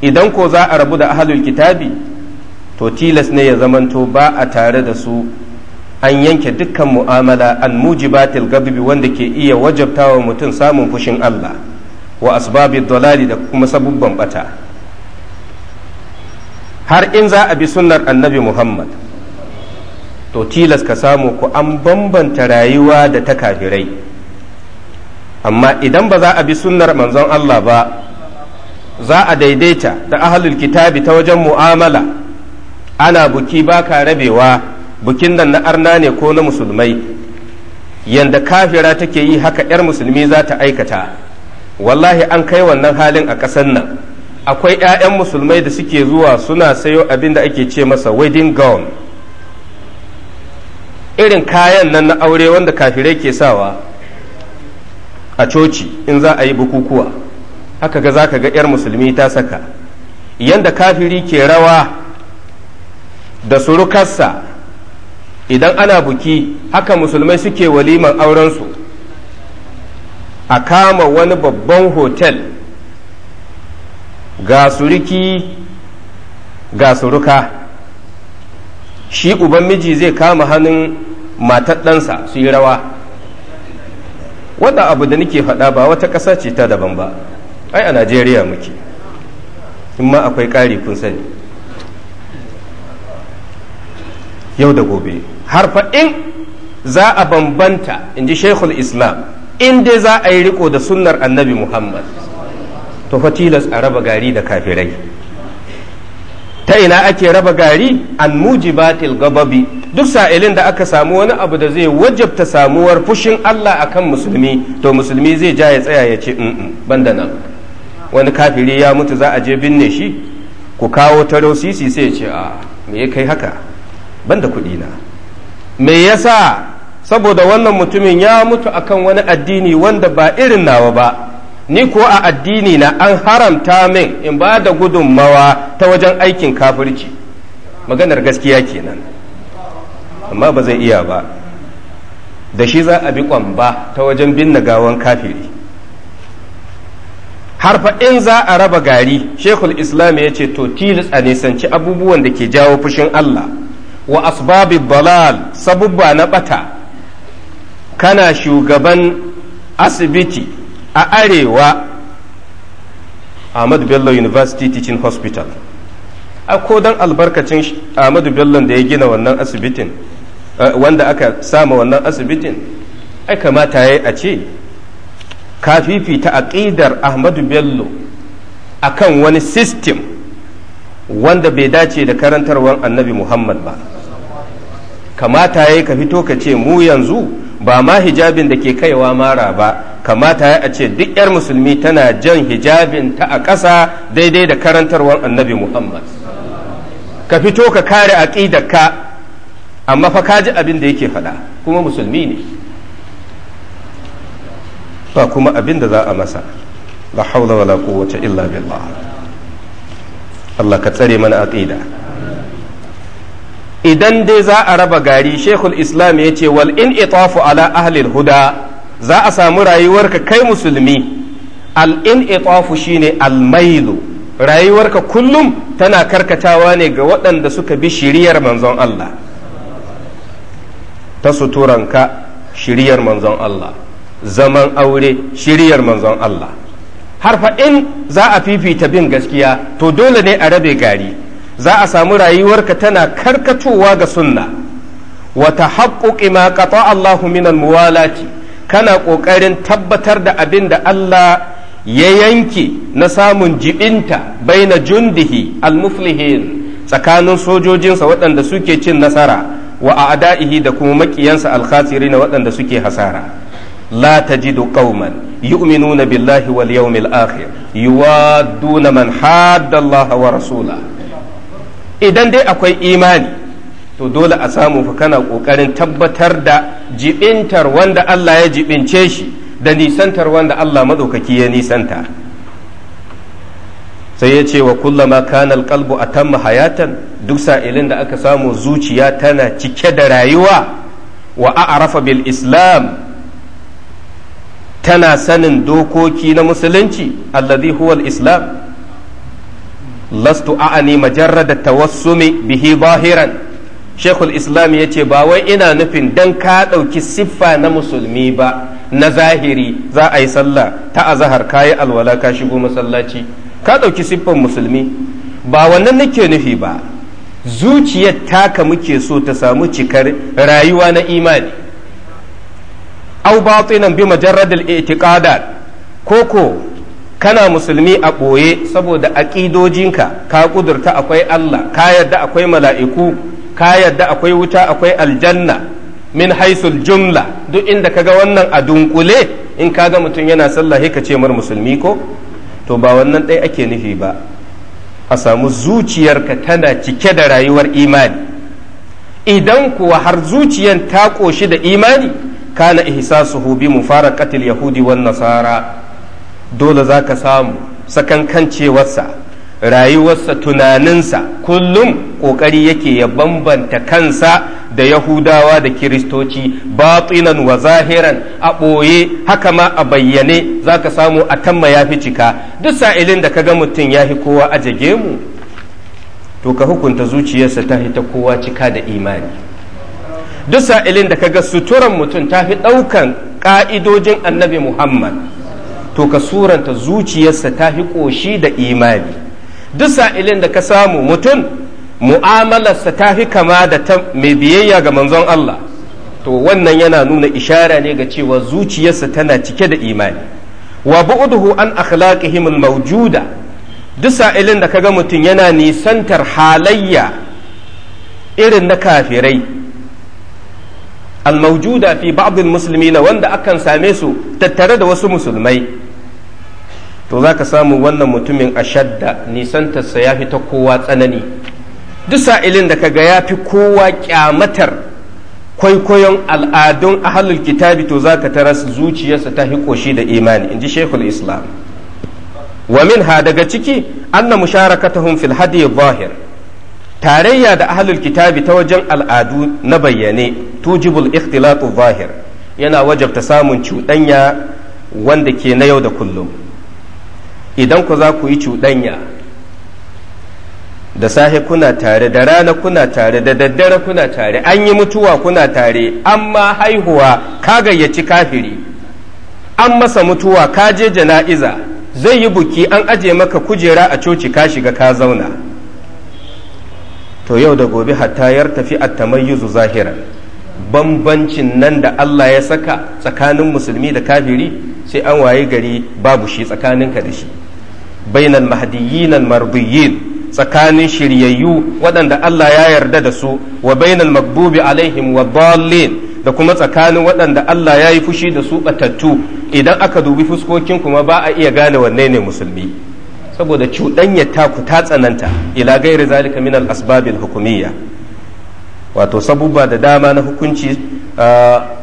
idan ko za a rabu da ahlul kitabi to tilas ne ya zamanto ba a tare da su an yanke dukkan mu'amala an mujibatil gadbi wanda ke iya wajabtawa mutum samun fushin Allah wa asbabi dalali da kuma sabubban bata har in za a bi sunnar annabi Muhammad to tilas ka samu ku an bambanta rayuwa da ta kafirai amma idan ba za a bi sunnar manzon Allah ba za a daidaita da ahlul kitabi ta wajen mu'amala ana buki baka rabewa bukin nan na arna ne ko na musulmai yanda kafira take yi haka 'yar musulmi za ta aikata wallahi an kai wannan halin a ƙasar nan akwai 'ya'yan musulmai da suke zuwa suna sayo abin da ake ce masa wedding gown irin kayan nan na aure wanda kafirai ke sawa a coci in za a yi bukukuwa haka ga za ka ga 'yar musulmi ta saka yanda kafiri ke rawa da surukarsa idan ana buki haka musulmai suke waliman aurensu a kama wani babban hotel ga suriki ga suruka shi uban miji zai kama hannun matar su yi rawa wannan abu da nake faɗa ba wata ƙasa ce ta daban ba ai a najeriya muke in ma akwai ƙari kun sani yau da gobe har in za a bambanta in ji shekul islam in dai za a yi riko da sunnar annabi muhammad to fa tilas a raba gari da kafirai ta ina ake raba gari an mujibatil gababi duk sa'ilin da aka samu wani abu da zai wajabta samuwar fushin Allah akan musulmi to musulmi zai ja ya tsaya ya ce ban da nan wani kafiri ya mutu za a je binne shi ku kawo ta sai ya ce a ah, me ya kai haka ban da kuɗi na me yasa saboda wannan mutumin ya mutu akan wani addini wanda ba irin nawa ba ni ko a addini na an haramta min in ba da gudunmawa ta wajen aikin kafirci maganar gaskiya kenan amma ba zai iya ba da shi za a bi kwamba ta wajen binne gawan kafiri har fa in za a raba gari shekul islam ya ce to tilis a nisanci abubuwan da ke jawo fushin allah wa asbabi balal sabubba na bata kana shugaban asibiti a arewa ahmadu bello university teaching hospital a kodon albarkacin ahmadu bello da ya gina wannan asibitin Eh, wanda aka sama wannan asibitin ai kamata yayi a ce ka fifita aqidar Ahmadu Bello akan wani system wanda bai dace da karantarwar Annabi Muhammad ba kamata yayi ka fito ka ce mu yanzu ba ma hijabin da ke kaiwa mara ba kamata ya a ce duk 'yar musulmi tana jan hijabin ta a ƙasa daidai da karantarwar annabi muhammad ka fito ka kare ka amma fa kaji abin da yake faɗa kuma musulmi ne ba kuma abin da za a masa la haula wala quwwata illa billah Allah ka tsare mana aqida idan dai za a raba gari shekul islam ya ce wal in itafu ala ahli huda za a samu rayuwarka kai musulmi al in itafu shine al mailu rayuwarka kullum tana karkatawa ne ga waɗanda suka bi shiriyar manzon Allah ta suturanka shiriyar manzon Allah zaman aure shiriyar manzon Allah har faɗin za a fifita bin gaskiya to dole ne a rabe gari za a samu rayuwarka tana karkatowa ga sunna wata haƙƙoƙi ma ƙata Allahu minan muwalati kana ƙoƙarin tabbatar da abin da Allah ya yanke na samun jibinta baina jundihi almuflihin tsakanin sojojinsa waɗanda suke cin nasara wa a'da'ihi da kuma makiyansa na waɗanda suke hasara la tajidu qauman yu'minuna billahi wal yawmil akhir yuwadduna man hadda Allah wa rasula idan dai akwai imani to dole a samu fa kana kokarin tabbatar da jibintar wanda Allah ya jibince shi da nisantar wanda Allah madaukaki ya nisanta sai ya ce wa kullama kana a tamma hayatan duk sa'ilin da aka samu zuciya tana cike da rayuwa wa a'rafa bil islam tana sanin dokoki na musulunci alladhi huwa al-islam lastu a'ani majarrada tawassumi bihi zahiran shekul islam ya ce ba wai ina nufin dan ka ɗauki siffa na musulmi ba na zahiri za a yi sallah ta azahar kayi alwala ka shigo masallaci ka ɗauki siffar musulmi ba wannan nake nufi ba zuciyar taka muke so ta samu cikar rayuwa na imani au nan bi itikada ko koko kana musulmi a ɓoye saboda aƙidojinka ka ƙudurta akwai Allah ka yarda akwai mala'iku ka yarda akwai wuta akwai aljanna min haisul jumla duk inda kaga wannan a dunkule in kaga mutum yana sallah ka ce mar musulmi ko to ba wannan ɗai ake nufi ba a samu zuciyarka tana cike da rayuwar imani idan kuwa har zuciyar ta ƙoshi da imani kana mu fara katil yahudi wan nasara dole za zaka samu sakankancewarsa rayuwarsa tunaninsa kullum ƙoƙari yake ya bambanta kansa da yahudawa da kiristoci batinan wa zahiran a ɓoye haka ma a bayyane za ka samu a tamma ya fi cika duk sa'ilin da ka mutum ya fi kowa a jage mu to ka hukunta zuciyarsa ta ta kowa cika da imani duk sa'ilin da ka ga suturan mutum ta fi ɗaukan ƙa'idojin annabi muhammad to ka suranta zuciyarsa ta fi ƙoshi da imani duk sa'ilin da ka samu mutum mu'amalarsa ta fi kama da ta mai biyayya ga manzon Allah to wannan yana nuna ishara ne ga cewa zuciyarsa tana cike da imani wa bu'duhu an akhlaqihim al-mawjuda duk sa'ilin da kaga mutum yana nisantar halayya irin na kafirai al-mawjuda fi ba'd al wanda akan same su tattare da wasu musulmai to za ka samu wannan mutumin ashadda nisantarsa ya fi ta kowa tsanani duk sa'ilin da kaga ya fi kowa kyamatar kwaikwayon al'adun ahalul kitabi to za ka su zuciyarsa ta hi koshi da imani in ji shekul islam wa ha daga ciki anna musharakatahum fil hadi zahir tarayya da ahalul kitabi ta wajen al'adu na bayyane tujibul ikhtilatu zahir yana wajabta samun cuɗanya wanda ke na yau da kullum idan ku za ku yi cuɗanya da sahe kuna tare da rana kuna tare da daddare kuna tare an yi mutuwa kuna tare amma haihuwa ka gayyaci kafiri an masa mutuwa ka je jana'iza zai yi buki an aje maka kujera a coci ka shiga ka zauna to yau da gobe hatta yar tafi a tamayyuzu zahiran bambancin nan da Allah ya saka tsakanin musulmi da kafiri sai an wayi gari babu shi tsakaninka da shi bainal mahdiyyin mardiyyin tsakanin shiryayyu waɗanda Allah ya yarda da su wa bainal makbubi alaihim wa dallin da kuma tsakanin waɗanda Allah ya yi fushi da su batattu idan aka dubi fuskokin kuma ba a iya gane wanne ne musulmi saboda cuɗanya ku ta tsananta ila gairi zalika min al asbabil hukumiyya wato sabubba da dama na hukunci ah,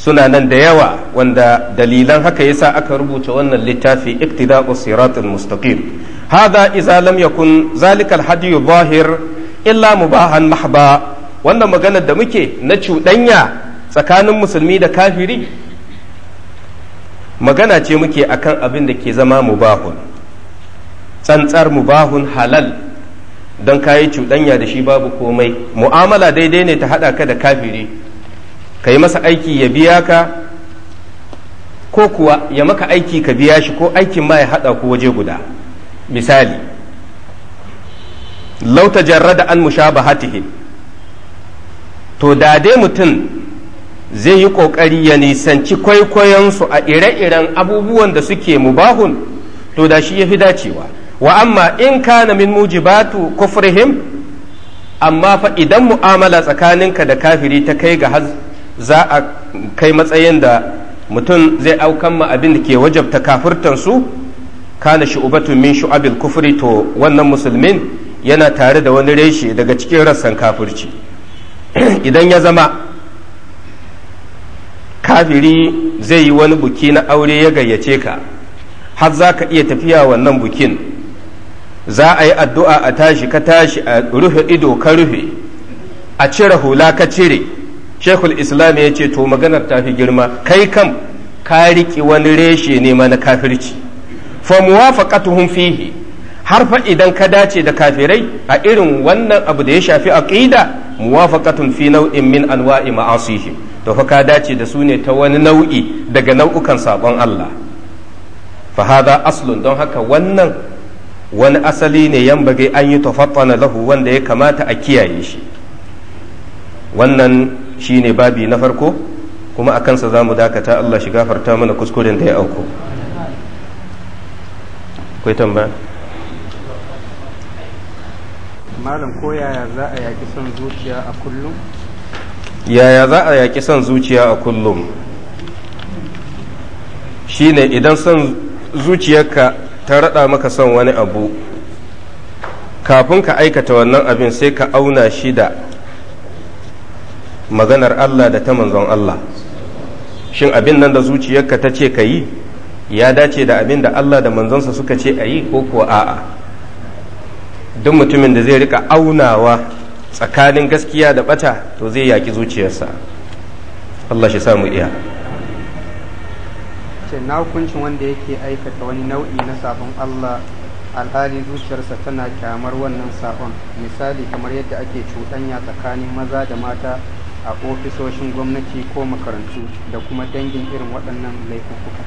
suna nan da yawa wanda dalilan haka yasa aka rubuta wannan littafi iktida'u siratul mustaqim hadha idza lam yakun zalika alhadi zahir illa mubahan mahba wannan maganar da muke na cuɗanya tsakanin musulmi da kafiri magana ce muke akan abin da ke zama mubahun tsantsar mubahun halal don kayi cuɗanya da shi babu komai mu'amala daidai ne ta haɗa ka da kafiri ka yi masa aiki ya biya ka ko kuwa ya maka aiki ka biya shi ko aikin ma ya haɗa ku waje guda misali lauta jarrada an mushabahatihi to da dai mutum zai yi ƙoƙari ya nisanci su a ire-iren abubuwan da suke mubahun to da shi ya fi dacewa wa amma in kana min mujibatu kufrihim amma fa idan mu'amala tsakaninka da kafiri ta kai ga za a kai matsayin da mutum zai aukan ma abin da ke wajabta kafirtan su kana shu'batun min shu'abil kufri to wannan musulmin yana tare da wani reshe daga cikin rassan kafurci. idan ya zama kafiri zai yi wani buki na aure ya gayyace ka har za ka iya tafiya wannan bukin za a yi addu'a a tashi ka tashi a rufe ido ka rufe a cire hula ka cire shekul islam ya ce to maganar ta fi girma kai kam ka riƙe wani reshe ne mana na kafirci fa muwafaqatuhum fihi har fa idan ka dace da kafirai a irin wannan abu da ya shafi aqida muwafaqatun fi nau'in min anwa'i ma'asihi to fa ka dace da su ne ta wani nau'i daga nau'ukan sabon Allah fa hada aslun don haka wannan wani asali ne yan an yi tafattana lahu wanda ya kamata a kiyaye shi wannan Shi ne babi na farko kuma a kansa za mu dakata Allah shi gafarta mana kuskuren da ya auku akwai tambaya malam ko yaya za a yaƙi son zuciya a kullum yaya za a yaƙi son zuciya a kullum Shi ne idan son zuciyarka ta raɗa maka son wani abu kafin ka aikata wannan abin sai ka auna shi da maganar Allah da ta manzon Allah shin abin nan da zuciyarka ta ce ka yi ya dace da abin da Allah da manzonsa suka ce a yi ko kuwa a'a duk mutumin da zai rika aunawa tsakanin gaskiya da bata to zai yaƙi zuciyarsa Allah shi samu iya ce na hukuncin wanda yake aikata wani nau'i na sabon Allah alhali zuciyarsa tana kyamar wannan sabon misali kamar yadda ake cuɗanya tsakanin maza da mata a ofisoshin gwamnati ko makarantu da kuma dangin irin waɗannan laifuka.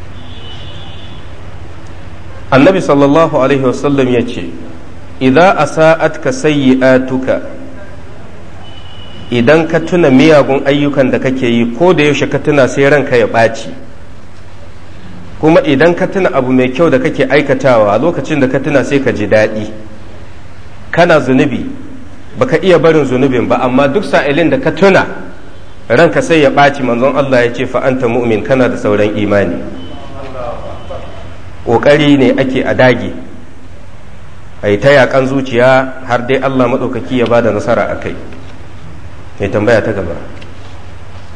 annabi sallallahu alaihi wasallam ya ce idan a sa'at ka tuka idan ka tuna miyagun ayyukan da kake yi ko da yaushe ka tuna sai ranka ya ɓaci kuma idan ka tuna abu mai kyau da kake aikatawa lokacin da ka tuna sai ka ji daɗi kana zunubi baka iya barin zunubin ba amma duk sa'ilin da ka tuna ranka sai ya ɓaci manzon Allah ya ce fa'anta mu'min kana da sauran imani ƙoƙari ne ake a dage a yi ta zuciya har dai Allah maɗaukaki ya ba da nasara a kai mai tambaya ta gaba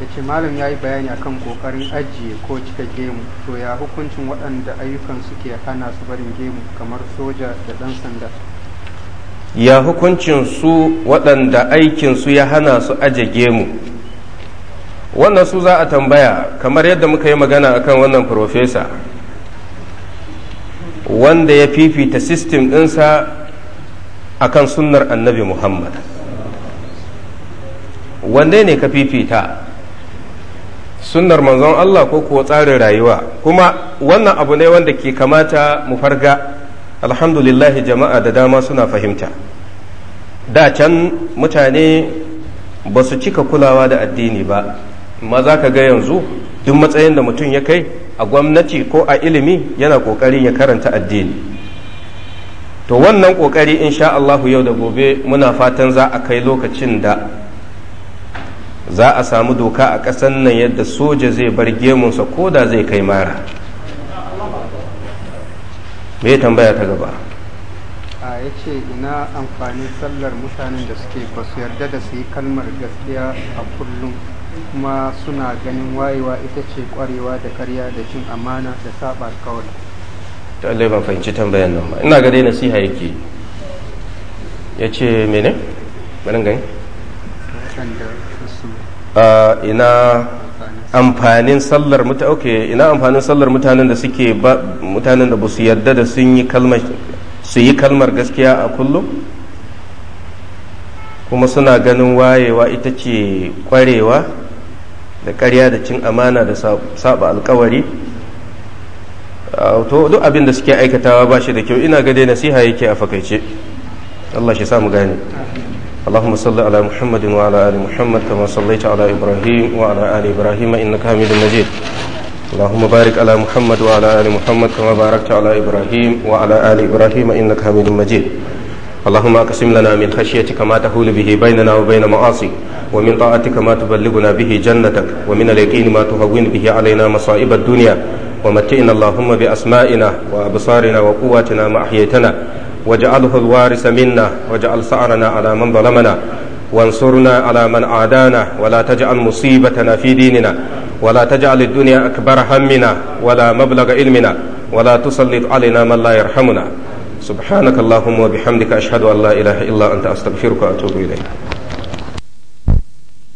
ya ce malam ya yi bayani akan ƙoƙarin ajiye ko cika gemu to ya hukuncin waɗanda ayyukan suke hana su barin gemu kamar soja da ɗan sanda ya hukuncin su waɗanda aikinsu ya hana su aje gemu wannan su za a tambaya kamar yadda muka yi magana akan wannan profesa wanda ya fifita sistem ɗinsa akan sunnar annabi muhammad wanda ne ka fifita sunnar manzon allah ko kuwa tsarin rayuwa kuma wannan abu ne wanda ke kamata mu farga alhamdulillahi jama'a da dama suna fahimta da can mutane ba su cika kulawa da addini ba za ka ga yanzu duk matsayin da mutum ya kai a gwamnati ko a ilimi yana ƙoƙarin ya karanta addini to wannan ƙoƙari insha Allahu yau da gobe muna fatan za a kai lokacin da za a samu doka a ƙasan nan yadda soja zai bar gemunsa ko da zai kai mara me ya tambaya ta gaba a ya ce ina amfani sallar mutanen da suke ba yarda da su yi kalmar gaskiya a kullum kuma suna ganin wayewa ita ce kwarewa da karya da cin amana da sabar kawai ta allai ban fahimci tambayan nan ba ina ga dai nasiha yake ya ce mene? ina amfanin sallar mutane okay ina amfanin sallar mutanen da suke mutanen da ba su yarda da sun yi kalmar su yi kalmar gaskiya a kullum kuma suna ganin wayewa ita ce kwarewa da ƙarya da cin amana da saba alkawari to duk abin da suke aikatawa ba shi da kyau ina ga dai nasiha yake a fakaice Allah shi samu gane اللهم صل على محمد وعلى آل محمد كما صليت على إبراهيم وعلى آل إبراهيم إنك حميد مجيد اللهم بارك على محمد وعلى آل محمد كما باركت على إبراهيم وعلى آل إبراهيم إنك حميد مجيد اللهم اقسم لنا من خشيتك ما تحول به بيننا وبين معاصيك ومن طاعتك ما تبلغنا به جنتك ومن اليقين ما تهون به علينا مصائب الدنيا ومتئنا اللهم بأسمائنا وأبصارنا وقواتنا ما أحييتنا واجعله الوارث منا واجعل ثأرنا على من ظلمنا وانصرنا على من عادانا ولا تجعل مصيبتنا في ديننا ولا تجعل الدنيا أكبر همنا ولا مبلغ علمنا ولا تسلط علينا من لا يرحمنا سبحانك اللهم وبحمدك أشهد أن لا إله إلا أنت أستغفرك وأتوب إليك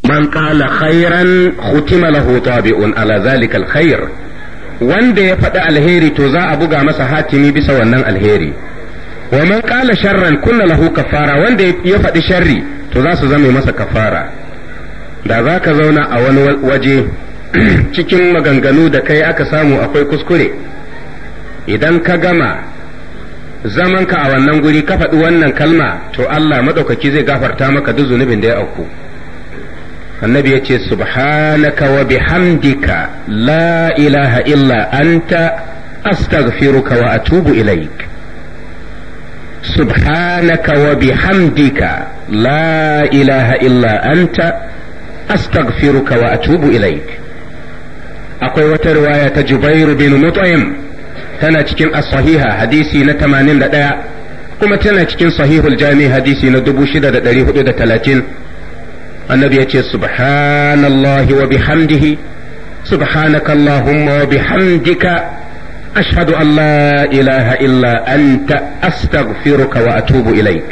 من قال خيرا ختم له طابع على ذلك الخير wanda ya faɗi alheri to za a buga masa hatimi bisa wannan alheri wa man qala sharran kunna lahu kafara wanda ya faɗi sharri to za su zame masa kafara da za ka zauna a wani waje cikin maganganu da kai aka samu akwai kuskure idan ka gama zamanka a wannan guri ka faɗi wannan kalma to Allah maɗaukaki zai gafarta maka duk zunubin da ya auku annabi ya ce subhanaka wa bihamdika la ilaha illa anta astaghfiruka wa atubu ilaik سبحانك وبحمدك لا إله إلا أنت أستغفرك وأتوب إليك riwaya ta جبير بن مطعم tana cikin as-sahiha hadisi na 81 kuma tana cikin sahihul jami hadisi na 6430 annabi yace subhanallahi wa bihamdihi subhanakallahumma wa bihamdika أشهد أن لا إله إلا أنت أستغفرك وأتوب إليك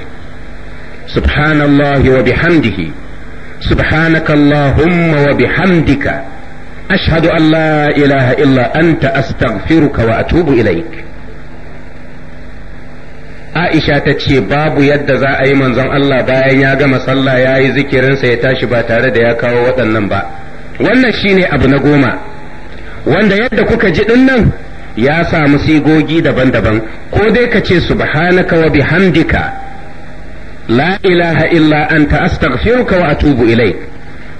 سبحان الله وبحمده سبحانك اللهم وبحمدك أشهد أن لا إله إلا أنت أستغفرك وأتوب إليك Aisha ta ce babu yadda za a yi manzon Allah bayan ya gama sallah ya yi zikirinsa ya tashi ba tare da ya kawo waɗannan ba. Wannan shine abu na goma, wanda yadda kuka ji ɗin nan ya samu sigogi daban-daban ko dai ka ce subhanaka wa bihamdika la ilaha illa anta astaghfiruka wa atubu ilaik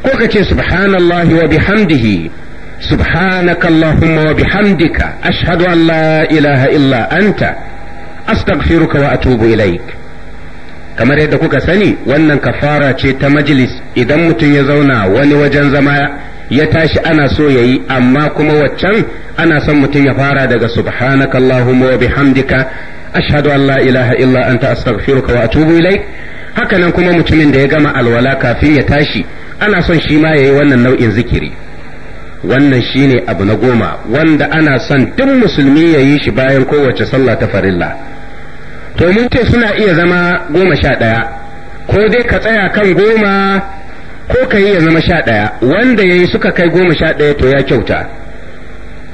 ko ka ce subhanallahi wa bihamdihi سبحانك اللهم وبحمدك أشهد أن لا إله إلا أنت أستغفرك وأتوب إليك kamar yadda kuka sani wannan kafara ce ta majalis idan mutum ya zauna wani wajen zama ya tashi ana so ya yi amma kuma waccan ana son mutum ya fara daga subhanaka Allahumma wa bihamdika ashhadu an la ilaha illa anta astaghfiruka wa atubu ilaik haka nan kuma mutumin da ya gama alwala kafin ya tashi ana son shi ma yayi wannan nau'in zikiri wannan shine abu na goma wanda ana son duk musulmi ya yi shi bayan kowace sallah ta farilla to mun ce suna iya zama goma sha ɗaya ko dai ka tsaya kan goma ko ka yi ya zama sha ɗaya wanda ya yi suka kai goma sha ɗaya to ya kyauta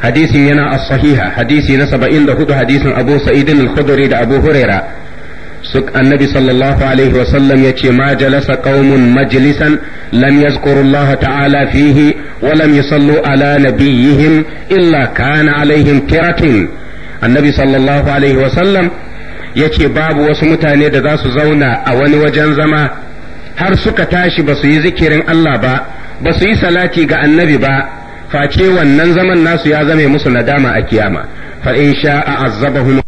hadisin yana a sahiha hadisi na saba'in da hudu hadisin abu sa'idin al-khudri da abu huraira suk annabi sallallahu alaihi wasallam ya ce ma jalasa qaumun majlisan lam yazkuru Allah ta'ala fihi wa lam yusallu ala nabiyihim illa kana alaihim kiratun annabi sallallahu alaihi wasallam ya ce babu wasu mutane da za su zauna a wani wajen zama har suka tashi ba su yi zikirin Allah ba ba su yi salati ga annabi ba face wannan zaman nasu ya zame musu nadama a kiyama fa in sha'a azabahum